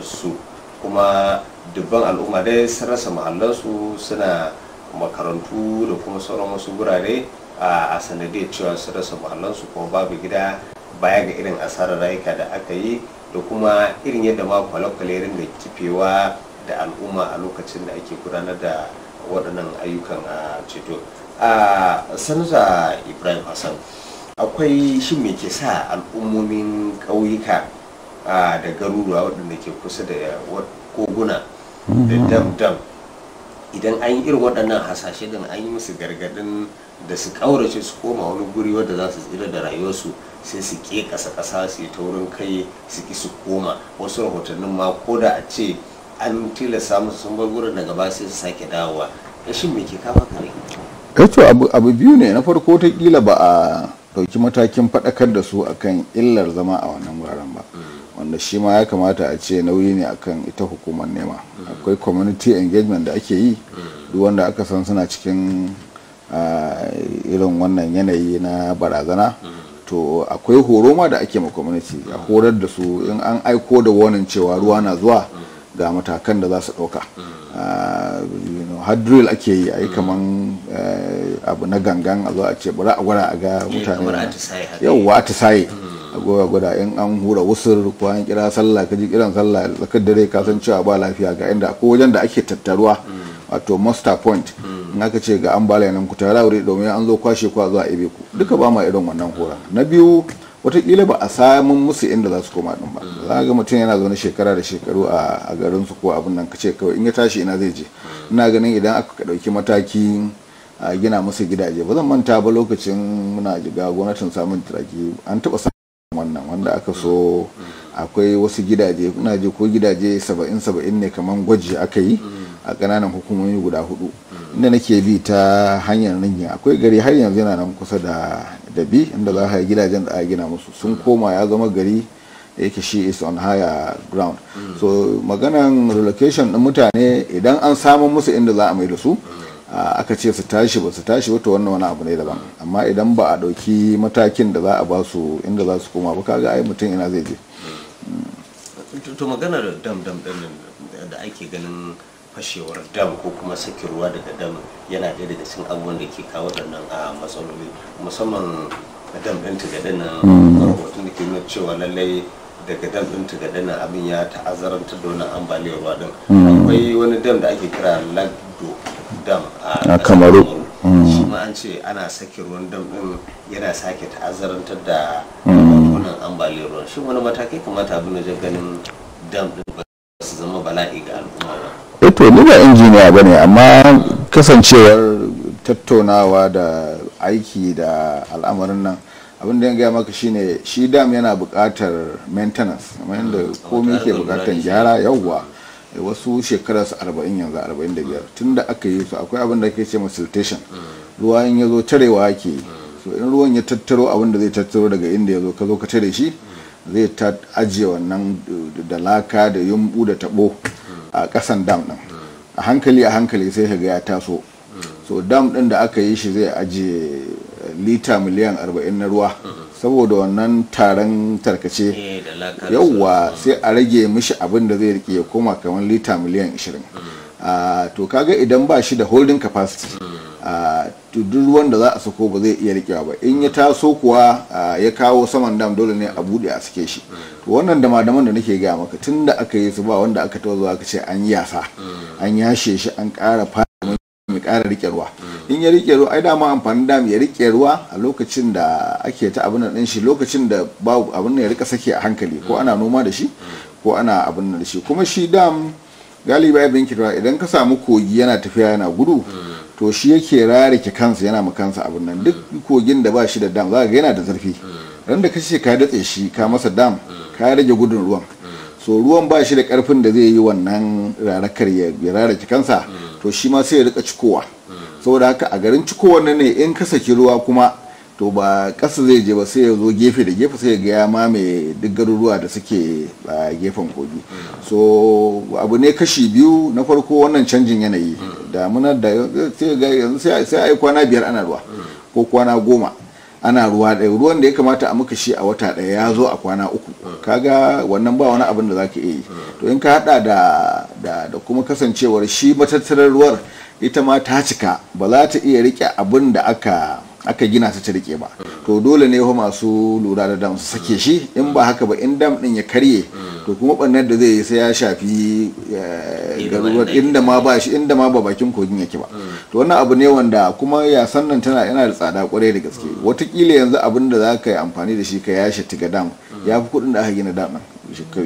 su kuma dubban al'umma dai sun rasa mahallansu suna makarantu da kuma sauran wasu gurare a sanadiyar cewa sun rasa mahallansu kuma babu gida baya ga irin asarar rayuka da aka yi da kuma irin yadda ma kwale-kwale da kifewa da al'umma a lokacin da ake gudanar da waɗannan ayyukan a ceto a sanata ibrahim hassan akwai shi me ke sa al'ummomin ƙauyuka da garuruwa waɗanda ke kusa da koguna da
mm-hmm.
dam idan an yi irin waɗannan hasashe din an yi musu gargaɗin da su ƙaurace su koma wani guri wadda za su tsira da rayuwarsu sai su ke ƙasa ƙasa su yi taurin kai su ki su koma wasu rahotannin ma ko da a ce an tilasta musu sun bar gurin daga ba sai su sake dawowa rashin eh, me ke kafa kare?
Eh abu biyu ne na farko ta kila ba ɗauki matakin faɗakar da su akan illar zama a wannan wuraren ba wanda shi ma ya kamata a ce nauyi ne akan ita hukumar nema akwai community engagement da ake yi duk wanda aka san suna cikin irin wannan yanayi na barazana to akwai horo da ake ma community a horar da su in an aiko da warning cewa ruwa na zuwa ga matakan da za su ɗauka ah, Hadril ake yi a yi kaman eh, abu na gangan a zo a ce bari a gwada a ga eh, mutane yauwa hmm. a tisaye a goya gwada in an hura wusur ko an kira sallah ka kiran sallah tsakar dare ka san cewa ba lafiya ga inda ko wajen da ake tattaruwa hmm. wato master point hmm. in aka ce ga an nan ku tara wuri domin an zo kwashe ku zuwa ibe duka ba ma irin wannan hura na biyu watakila ba a samun musu inda za su koma din ba za ga mutum yana zaune shekara da shekaru a garin su ko abin nan kace kawai in ya tashi ina zai je ina ganin idan aka ɗauki mataki a gina musu gidaje ba zan manta ba lokacin muna jiga gwamnatin samun turaki an taba samun wannan wanda aka so akwai wasu gidaje Ina ji ko gidaje saba'in saba'in ne kamar gwaji aka yi a ƙananan hukumomi guda hudu inda nake bi ta hanyar ringin akwai gari har yanzu yana nan kusa da da bi inda za a yi gidajen da a gina musu sun mm. koma ya zama gari da yake shi is on higher ground mm. so maganan relocation din mutane idan an samu musu inda za a mai da su mm. aka ce su tashi ba su tashi wata wannan wani abu ne daban amma idan ba a ɗauki matakin da za a ba su inda za su koma ba kaga ai mutum ina zai
je to maganar dam dam din da ake ganin fashewar dam ko kuma sake ruwa daga dam yana ɗaya daga cikin abubuwan da ke kawo waɗannan a ah, matsaloli musamman dam ɗin gada nan rahoton da ke nuna cewa lallai daga dam ɗin gada nan abin ya ta'azzarantar da wani ambaliyar ruwa ɗin mm. akwai wani dam da ake kira lagdo dam
a kamaru mm. shi ma
an ce ana sake ruwan dam ɗin yana sake ta'azzarantar da mm. wannan ambaliyar ruwan shi wani matakai kamata abin da ganin dam ɗin ba su zama bala'i ga al'umma ba
eto eh ni ba injiniya ba ne amma kasancewar tattaunawa da aiki da al'amarin nan abin da ya gaya maka shine shi dam yana buƙatar maintenance kamar yadda komai ke bukatar gyara yawwa eh, wasu shekarar su arba'in yanzu arba'in da biyar tun da aka yi su akwai abin da ke ce siltation
mm.
ruwa in ya zo tarewa ke mm. so in ruwan ya tattaro abin da zai tattaro daga inda ya zo ka zo ka tare shi mm. zai ta ajiye wannan da laka da yumbu da tabo a kasan dam din a hankali a hankali sai ka ga ya taso so dam din da aka yi shi zai ajiye eh, lita miliyan 40 na ruwa saboda wannan taron tarkace eh,
yauwa
sai a rage mishi abin da zai rike ya koma kamar lita miliyan 20 ah, to kaga idan ba shi da holding capacity hmm. ah, to duk ruwan da za a sako ba zai iya rikewa ba in ya taso kuwa ya kawo saman dam dole ne a bude a sake shi to wannan da madaman da nake gaya maka tun da aka yi su ba wanda aka tawo aka ce an yasa an yashe shi an ƙara fara mai ƙara rike ruwa in ya rike ruwa ai dama amfani dam ya rike ruwa a lokacin da ake ta abin nan shi lokacin da babu abin ya rika sake a hankali ko ana noma da shi ko ana abin nan da shi kuma shi dam galiba ya binkirwa idan ka samu kogi yana tafiya yana gudu to shi yake rarike kansa yana mu kansa abin nan duk kogin da ba shi da dam za ga yana da zarfi ran da kace ka datse shi ka masa dam ka rage gudun ruwan so ruwan ba shi da karfin da zai yi wannan rarakar ya rarike kansa to shi ma sai ya rika cikowa saboda haka a garin cikowa ne in ka saki ruwa kuma to ba ƙasa zai je ba sai ya zo gefe da gefe sai ga ya mamaye duk garuruwa da suke a gefen kogi so abu ne kashi biyu na farko wannan canjin yanayi munar da sai a yi kwana biyar ana ruwa ko kwana goma ana ruwa ɗaya ruwan da ya kamata a muka shi a wata daya ya zo a kwana uku kaga wannan ba wani abin da za ka yi to in ka haɗa da da kuma kasancewar shi matattarar ruwar ita ma ta cika ba za ta iya riƙe abin da aka aka gina ta ta rike ba to dole ne fa masu lura da dam su sake shi in ba haka ba in dam din ya karye mm. to kuma bannar da zai yi sai ya shafi garuruwar eh, inda ma ba shi inda ma ba bakin kogin yake ba mm. to wannan abu ne wanda kuma yasan nan tana yana da tsada kwarai da gaske mm. watakila yanzu abin da za yi amfani da shi ka yashe tiga dam ya fi kuɗin da aka gina dam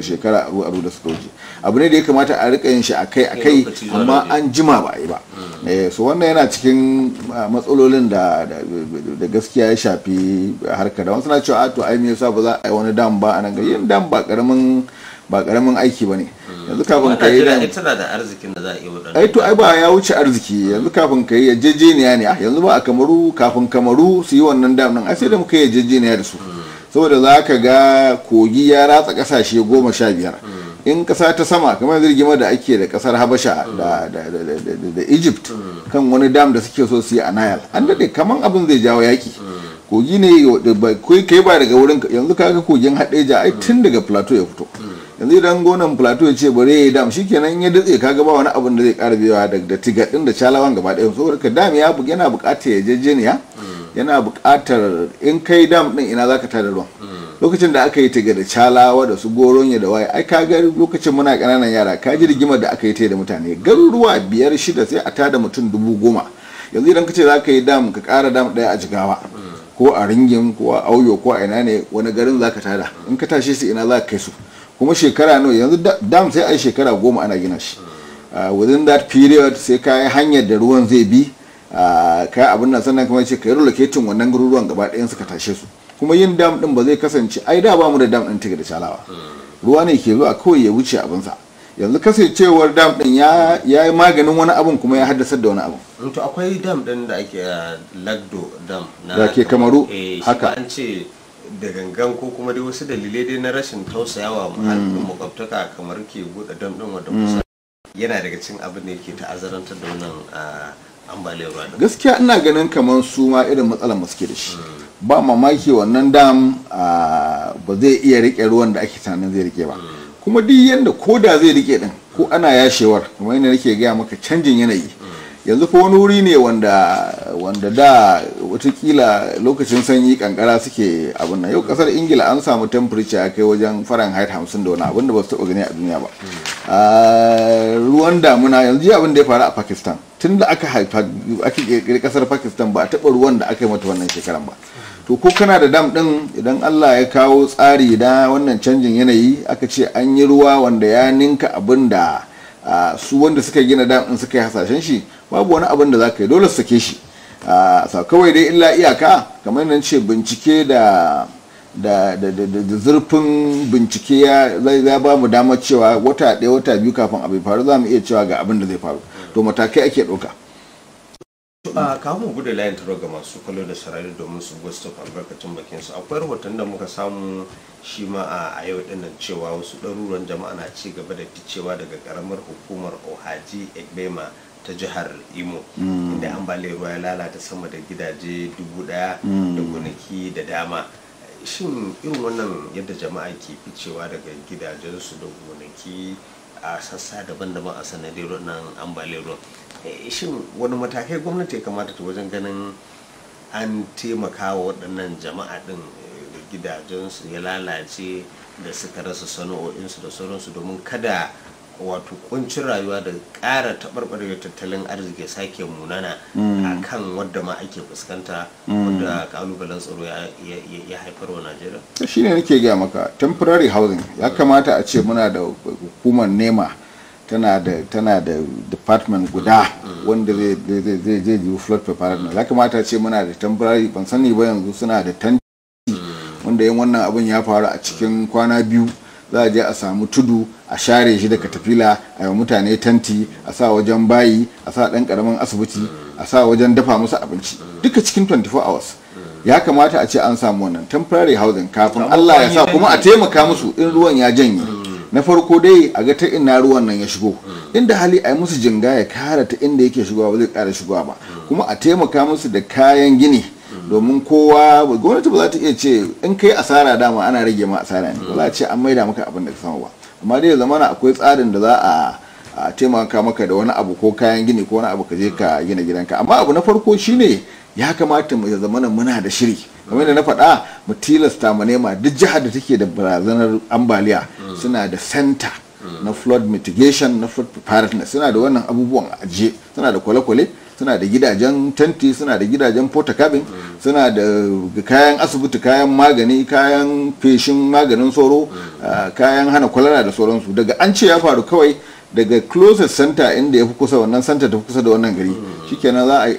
shekara aru aru da suka wuce abu ne da ya kamata a rika yin shi akai akai amma an jima ba a yi ba hmm. eh, so wannan yana cikin ah, matsalolin da da gaskiya ya shafi harka da wasu na cewa ah, to ai me yasa ba za a yi wani dam ba a nan gari yin dam ba karamin ba karamin aiki ba ne hmm. yanzu kafin ka yi dan
tana da arzikin da za a iya wadanda
ai eh, to ai ba ya wuce arziki hmm. yanzu kafin ka yi yajejeniya ne ah, yanzu ba a kamaru kafin kamaru su yi wannan dam nan ai sai da muka yi yajejeniya da su saboda za ka ga kogi ya ratsa kasashe goma sha biyar mm. in kasa ta sama kamar zirgima da ake da kasar habasha mm. da egypt mm. kan wani dam da suke so su yi a nile an daɗe kaman abin zai jawo yaƙi kogi ne kai ba daga wurin yanzu kaga kogin haɗeja ai tun daga plateau ya fito yanzu idan gonan plateau ya ce bare ya yi dam shikenan in ya datse kaga ba wani abin da zai ƙara biyawa da tigaɗin da calawan gaba ɗaya saboda ka dam ya yana buƙatar ya jejjeniya yana buƙatar in kai dam ɗin ina zaka tada ruwan lokacin da aka yi ta da calawa da su ya da waye ai ka ga lokacin muna ƙananan yara ka ji rigimar da aka yi ta da mutane garuruwa biyar shida sai a tada mutum dubu goma yanzu idan ka ce za ka yi dam ka ƙara dam ɗaya a jigawa ko a ringin ko a auyo ko a ina ne wani garin za ka tada in ka tashe su ina za ka kai su kuma shekara nawa yanzu dam sai a shekara goma ana gina shi ah, within that period sai ka yi hanyar da ruwan zai bi ka abin nan sannan kuma ce ka yi relocating wannan garuruwan gaba ɗayan suka tashe su kuma yin dam din ba zai kasance ai da ba mu da dam din tiga da shalawa ruwa ne ke zuwa kawai ya wuce abinsa yanzu kasancewar dam din ya yi maganin wani abu kuma ya haddasa da wani abu.
to akwai dam din da ake lagdo dam na ke kamaru eh, haka an ce da gangan ko kuma dai wasu dalilai dai na rashin tausayawa mm. mu kaptaka kamar ke buɗe dam din wanda mm. yana daga cikin abin da yake ta'azzarantar da wannan
gaskiya ina ganin kamar su ma irin matsalar maske da shi hmm. ba mamaki wannan dam ba zai iya rike ruwan da ake tunanin zai rike ba hmm. kuma duk yanda ko da zai rike din ko ana yashewar kamar yadda nake gaya maka canjin yanayi yanzu fa wani wuri ne wanda wanda da watakila lokacin sanyi kankara suke abin nan yau kasar ingila an samu temperature ya kai wajen fahrenheit 50 da wani abin da ba su taɓa gani a duniya ba ruwan damuna yanzu abin da ya faru a pakistan tun da aka haifar ake kasar pakistan ba a taɓa ruwan da aka yi mata wannan shekaran ba to ko kana da dam din idan allah ya kawo tsari na wannan canjin yanayi aka ce an yi ruwa wanda ya ninka abin da su wanda suka gina dam din suka yi hasashen shi babu wani abin da za ka yi dole sake shi sa kawai dai illa iyaka kamar nan ce bincike da da zurfin bincike ya zai ba mu damar cewa wata ɗaya wata biyu kafin abin faru za mu iya cewa ga abin da zai faru to matakai ake ɗauka
a kamun gudu layin taro ga masu kwallo da sarari domin su a albarkacin bakin su akwai rahoton da muka samu shi ma a yau dinnan cewa wasu ɗaruruwan jama'a na ci gaba da ficewa daga karamar hukumar ohaji egbema ta jihar imo mm. inda ambaliyar ruwa ya lalata sama da gidaje dubu daya da mm. gonaki da dama shin irin wannan yadda jama'a ke ficewa daga gidajensu da gonaki a sassa daban-daban a sanadin wannan ambaliyar ruwa eh, shin wani matakai gwamnati ya kamata ta wajen ganin an taimaka wa waɗannan jama'a din eh, gidajensu ya lalace da suka rasa sana'o'insu da sauransu domin kada wato kuncin rayuwa da ƙara taɓarɓarewa tattalin arziki sake munana mm. a kan wadda ma ake fuskanta mm. wadda kalubalen tsaro ya haifar wa najeriya
shi ne nake gaya maka temporary housing ya kamata a ce muna da hukumar nema tana da tana da department guda mm. wanda zai zai zai yi flood preparedness ya kamata a ce muna da temporary ban sani ba yanzu suna da tanti wanda yin wannan abin ya faru a cikin kwana biyu za a je a samu tudu a share shi daga tafila a yi mutane tanti a sa wajen bayi a sa ɗan ƙaramin asibiti a sa wajen dafa musu abinci duka cikin 24 hours ya kamata a ce an samu wannan temporary housing kafin Allah ya sa kuma a taimaka musu in ruwan ya janye na farko dai a ga ta ina ruwan nan ya shigo inda hali a yi musu jinga ya kara ta inda yake shigowa ba zai kara shigowa ba kuma a taimaka musu da kayan gini domin kowa gwamnati ba za ta iya ce in kai asara dama ana rage ma asara ne ba za a ce an maida maka abin da ka samu ba amma dai zamana akwai tsarin da za a taimaka maka da wani abu ko kayan gini ko wani abu ka je ka gina gidanka amma abu na farko shine ya kamata mu ya zamana muna da shiri kamar yadda na faɗa mu tilasta mu nema duk jihar da take da barazanar ambaliya suna da center na flood mitigation na flood preparedness suna da wannan abubuwan ajiye suna da kwale-kwale suna da gidajen tenti suna da gidajen porta cabin suna da kayan asibiti kayan magani kayan feshin maganin tsoro kayan hana kwalara da sauransu daga an ce ya faru kawai daga closest center inda ya fi kusa wannan center ta fi kusa da wannan gari shikenan za a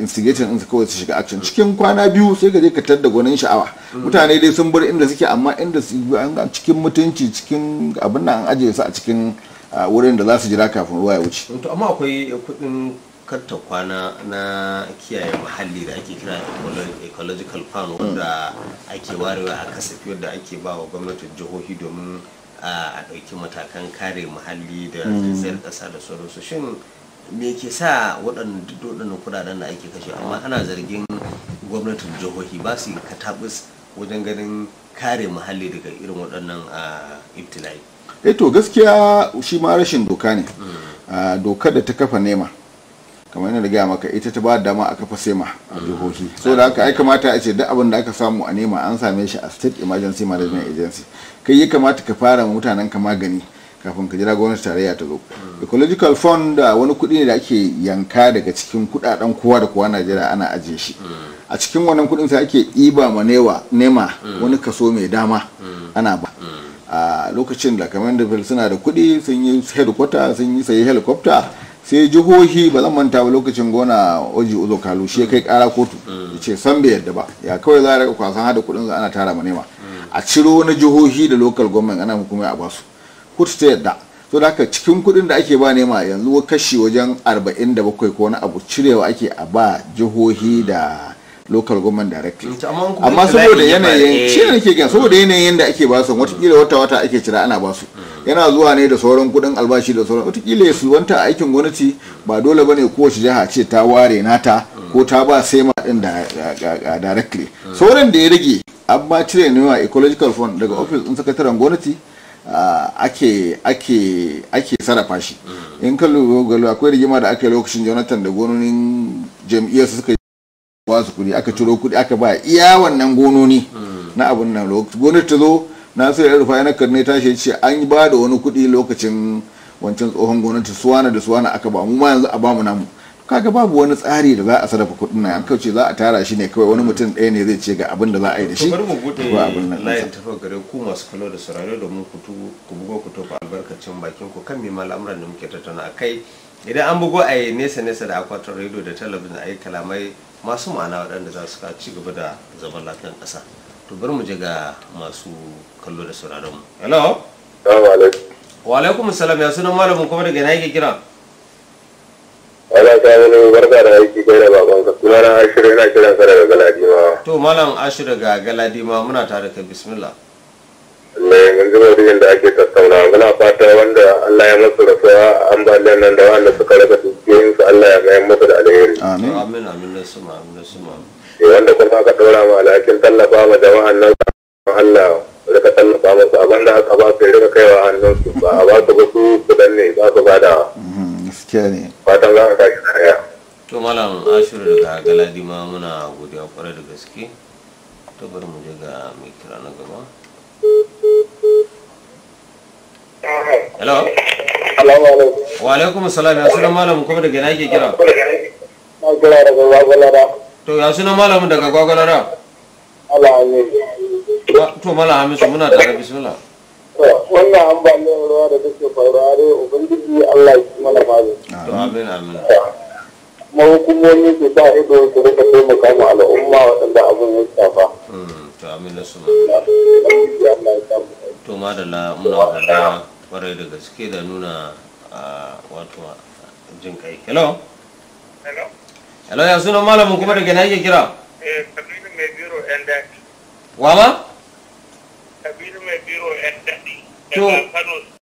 instigating din su kawai su shiga action cikin kwana biyu sai ka je ka tadda gwanin sha'awa mutane dai sun bar inda suke amma inda cikin mutunci cikin abin nan an ajiye su a cikin wurin da za su jira kafin ruwa ya wuce
amma akwai kuɗin ta kwana na kiyaye muhalli da ake kira ecological plan hmm. wanda ake warewa a kasafi wanda ake ba wa gwamnatin jihohi domin a ɗauki matakan kare muhalli da zaizayar hmm. ƙasa da sauransu shin me ke sa waɗannan kudaden da ake kashe amma ana zargin gwamnatin jihohi ba su katabus wajen ganin kare muhalli daga irin waɗannan ibtila'i.
Eh to gaskiya shi ma rashin doka ne hmm. doka da ta kafa nema kamar yana da gaya maka ita ta ba da dama a fa sema a jihohi so da haka ai kamata a ce duk abin da aka samu a nema an same shi a state emergency management agency kai ya kamata ka fara mutanen ka magani kafin ka jira gwamnati tarayya ta zo ecological fund wani kudi ne da ake yanka daga cikin kudaden kowa da kowa najeriya ana ajiye shi a cikin wannan kudin sai ake iba ma nema wani kaso mai dama ana ba a lokacin da kamar da suna da kudi sun yi headquarter sun yi sayi helicopter sai jihohi ba zan manta ba lokacin gona oji uzo kalu shi ya kai kara kotu ya ce san bai yadda ba ya kawai za a rika kwasan hada kudin ana tara ma nema a ciro na jihohi da lokal government ana hukumai a basu kotu ta yadda to da haka cikin kudin da ake ba nema yanzu kashi wajen 47 ko wani abu cirewa ake a ba jihohi da local government directly amma saboda yanayin eh. shi ne nake gina saboda yanayin da ake basu watakila wata wata ake cira ana basu hmm. yana zuwa ne da sauran kudin albashi da sauran watakila su wanta aikin gwamnati ba dole bane kowace jiha ce ta ware nata ko ta ba sai ma din da directly hmm. sauran da ya rage an ba cire ne wa ecological fund daga hmm. office din sakataren gwamnati ake ake ake sarrafa shi in kallo akwai rigima da aka yi lokacin jonathan da jami'ai jam'iyyar suka ba su kuɗi aka ciro kuɗi aka ba iya wannan gononi na abun nan gonar ta zo na sai ya rufa yana karne tashi ce an ba da wani kuɗi lokacin wancan tsohon gwamnati suwana da suwana aka ba mu ma yanzu a bamu namu kaga babu wani tsari da za a sarrafa kuɗin nan an kauce za a tara shi ne kawai wani mutum ɗaya ne zai ce ga abin da za a yi da shi bari mu bude layin
tafa gare ku masu kallo da saurare domin ku bugo ku tofa albarkacin bakin ku kan me al'amuran da muke tattauna akai idan an bugo a nesa nesa da akwatin radio da talabijin a yi kalamai masu ma'ana waɗanda za su ci gaba da zaman lafiyan ƙasa to bari mu je ga masu kallo da sauraron mu hello wa alaikum salam ya sunan malamin kuma daga yanayi yake kira
wala ta wani barka da aiki kai da babanka na ashirin na kiran sa daga galadima
to malam ashirin daga galadima muna tare ka bismillah
ji da ake tattauna muna fata wanda Allah ya masu an ba da nan da wanda suka rasa dukiyoyin su Allah ya mayar musu da alheri amin
amin amin nasuma amin nasuma
eh, wanda kuma aka ɗora ma alhakin tallafa ma jama'an nan Allah da ka tallafa masu abin da aka ba su rika kaiwa hannun su ba a ba su ba su su ne ba su ba da mm-hmm, gaskiya ne fatan za ka kashi haya.
to malam ashiru daga galadi ma muna godiya kwarai da gaske Tabar mu je ga mai kira na gaba hello wa alaikum salam ya sunan malamin kuma daga nake kira to ya sunan malamin daga gwagwalara to mala hamisu muna tare bismillah
wannan ambaliyar ruwa da take faruwa dai ubangiji Allah ya mana magani
amin amin kuma hukumomi su sa ido su rika taimaka ma al'umma waɗanda abin ya shafa hmm, to amin da suna Allah ya samu
to madalla muna godiya kwarai da gaske da nuna wato jin kai hello hello ya suna malamin kuma da gina yake kira
eh kabiru mai biro yan daɗi wa ma kabiru mai biro yan daɗi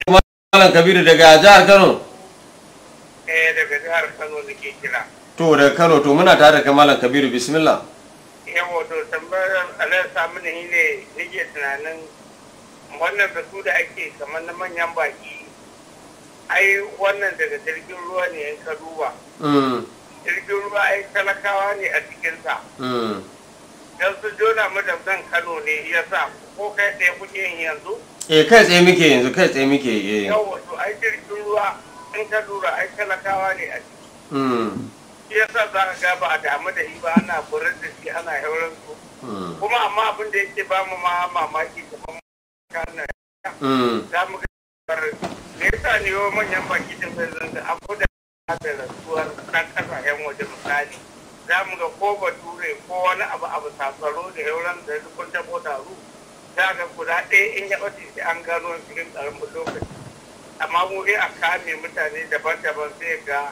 to malam kabiru daga jihar kano
eh daga jihar kano
da ke kira to da kano to muna tare da malam kabiru bismillah yawo to tambayar alai samun ne
ne yake tunanin wannan batu da ake kamar na manyan baki ai wannan daga jirgin ruwa ne in ka duba mm. jirgin ruwa ai talakawa ne a cikinsa
mm. don su jona madamzan kano ne
ya sa ko kai tsaye kuke yin yanzu
eh kai tsaye muke yanzu kai tsaye muke yi Yau
to ai jirgin ruwa in ka lura ai talakawa ne a ciki mm. ya sa za ka ga ba a damu da yi ba ana burar da shi ana yauran su kuma amma abin da yake ba mu ma mamaki kamar kana mm. za mu kamar me yasa ne yau manyan baki din sai zan da abu da da rasuwar ɗan ƙasashen waje misali zamu ga ko bature ko wani abu abu safaro da yauran da rukun ta ko taru guda ɗaya in ya ɓace an gano cikin ƙaramin lokaci amma mu a kame mutane daban-daban sai ga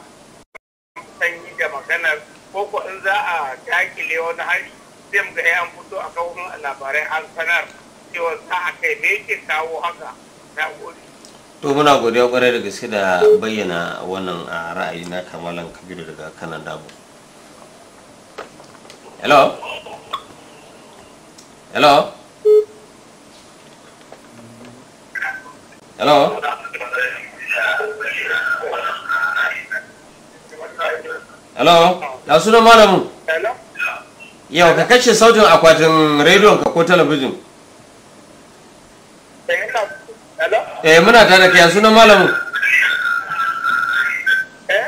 sanyi da maganar ko in za a dakile wani hari sai mu ga an fito a kawun a labaran sanar cewa za a kai me kawo haka na
gode to muna godiya kwarai da gaske da bayyana wannan ra'ayi na kamalan kabiru daga kanan dabo hello hello hello hello da suna malamin yau ka kashe sautin akwatin rediyon ka ko talabijin eh muna tare kai sunan malamin eh?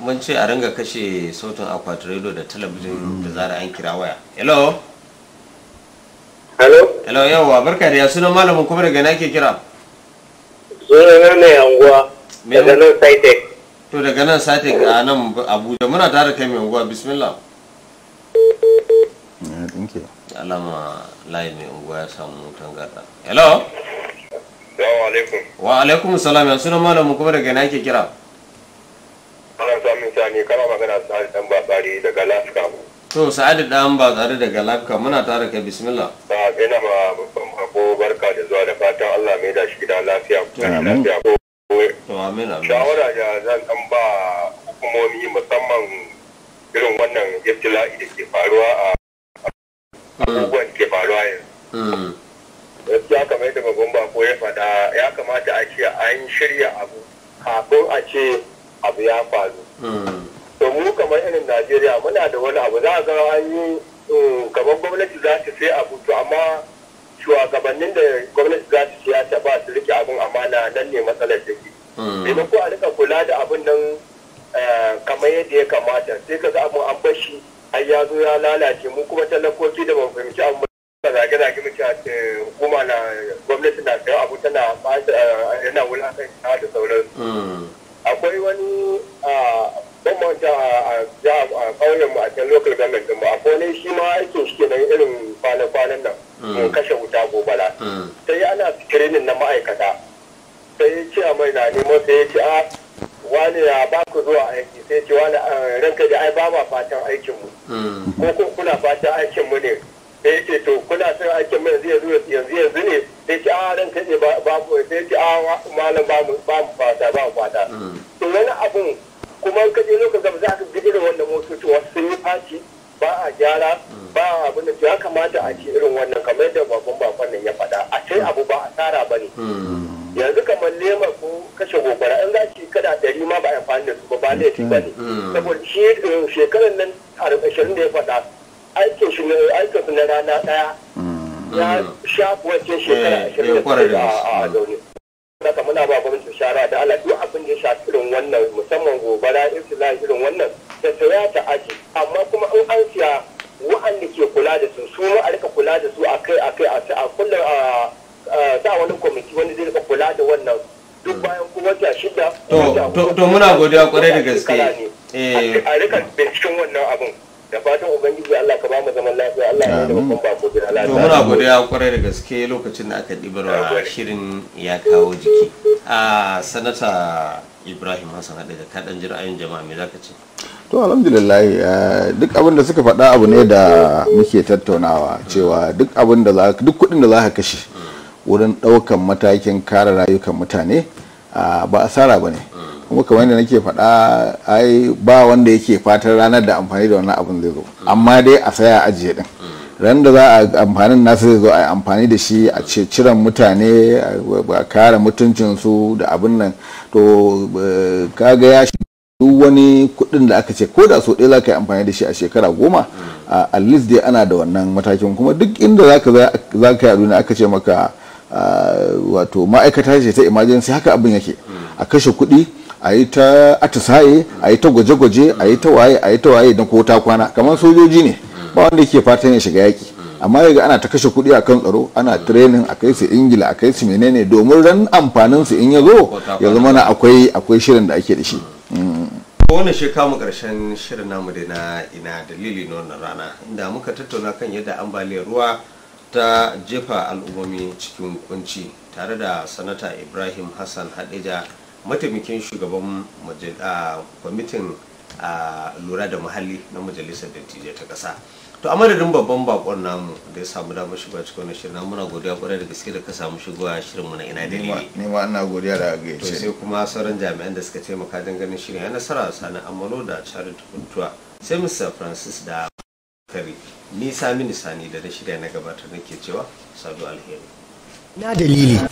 mun ce a ringa kashe sautin akwatin radio da talabijin da zara an kira waya hello hello hello yawa barka da ya sunan malamin kuma daga na ke kira
na ne anguwa
daga nan saitek to daga nan saitek a nan abuja muna tare kai mai anguwa bismillah Yeah, thank you. alama layi mai unguwa ya samu tangarda
hello salamu alaikum
wa alaikum salam ya suna mu kuma daga na ke kira
ana samun sani kana magana sa'adu dan bazari daga alaska.
to sa'adu dan bazari daga alaska muna tare ka bismillah
ba ina ma babban mako barka da zuwa da fatan Allah mai da shi da lafiya To ko shawara da zan dan ba hukumomi musamman irin wannan ibtila'i da ke faruwa a abubuwan ke faruwa yanzu hmm. ya kamata babban ya ya kamata a ce an shirya abu kafin a ce abu ya faru hmm. mu kamar irin najeriya muna da wani abu za a ga an yi eh, kamar gwamnati za ta sai abu to amma shugabannin da gwamnati za ta ba su rike abin amana nan ne matsalar da ke
hmm. maimako
a rika kula da abin nan eh, kamar yadda ya kamata sai ka ga abin an bashi ai ya zo ya lalace mu kuma talakoki da ban fahimci abu da zage zage mu ce hukuma na gwamnati na sayo abu tana bata eh, yana wulakan da sauransu hmm. akwai wani bambanta a kauyen mu a can local government mu akwai wani shi ma aikin shi kenan irin kwanan-kwanan nan hmm. mu kashe wuta gobala hmm. sai ana screening na ma'aikata sai ya ce a mai na neman sai ya ce a ah, wani ya ba ku zuwa aiki sai ce wani ah, ranka da ai ba ma fatan aikinmu hmm. ko kuma kuna fatan aikinmu ne sai ce to kuna son aikin mu yanzu yanzu yanzu ne sai ce a ah, ranka ne ba mu sai ce ah, a malam ba mu ba mu fata ba mu fata hmm. to wani abun kuma ka lokacin da za ka gidi da wannan motocin wasu sun yi faci ba a gyara ba a abin da ya kamata a ce irin wannan kamar yadda babban bakon nan ya faɗa a sai abu ba a tara ba ne
hmm.
yanzu kamar lema ko kashe gobara in za ci kada dari ma ba a da su ba ba laifi ba ne
hmm. Hmm. saboda
shi eh, shekarar nan ashirin da ya faɗa aikin shi aikin su na rana ɗaya ya sha wacce shekara eh, eh, ashirin da a zaune muna ba gwamnati shara da ala duk abin da ya shafi irin wannan musamman gobara irin irin wannan da saya ta aji amma kuma in an siya wa'anda ke kula da su su ma a rika kula da su akai akai a kullum a sa wani kwamiti wani zai rika kula da wannan duk bayan kuma ta shida to muna godiya kwarai da gaske eh. a rika binciken wannan abin da fatan ubangiji Allah ka bamu zaman lafiya Allah ya da ba bako gida lafiya to muna godiya
kwarai da gaske lokacin da aka dibarwa shirin ya kawo jiki a ah, sanata Ibrahim Hassan daga jira jira'ayin jama'a me zaka ce
to alhamdulillah duk abin da suka faɗa abu ne da muke tattaunawa cewa duk abin da duk kuɗin da za ka kashe wurin ɗaukan matakin kare rayukan mutane ba asara ba ne kuma kamar yadda nake faɗa ai ba wanda yake fatan ranar da amfani da wannan abin zai zo amma dai a saya ajiye din ran da za a amfanin nasu zai zo a amfani da shi a ce ciran mutane a kare mutuncinsu da abin nan to eh, kaga ya shi. duk wani kudin da aka ce ko da so ɗaya za yi amfani da shi a shekara goma a list dai ana da wannan matakin kuma duk inda za ka yi a aka ce maka wato ma'aikata ce ta emergency haka abin yake a kashe kuɗi a yi ta atisaye a yi ta gwaje-gwaje a yi ta waye a yi ta waye don ko ta kwana kamar sojoji ne ba wanda yake fatan ya shiga yaki amma yaga ana ta kashe kuɗi akan tsaro ana training a kai su ingila a kai su menene domin ran amfanin su in ya zo ya zama akwai akwai shirin da ake da shi
wannan shi kamu karshen shirin namu da na ina dalili na wannan rana inda muka tattauna kan yadda ambaliyar ruwa ta jefa al'ummomi cikin kunci tare da sanata ibrahim hassan hadija mataimakin shugaban kwamitin lura da muhalli na majalisar dattijai ta kasa. to a madadin babban bakon namu da ya samu damar shiga cikin wannan shirin muna godiya kwarai da gaske da ka samu shigowa shirin mu na ina dalili ni
ma ina godiya da ga to sai
kuma sauran jami'an da suka taimaka don ganin shirin ya nasara sani amalo da charity kuntuwa sai mr francis da kari ni sami sani da na shirya na gabatar nake cewa sadu alheri
na dalili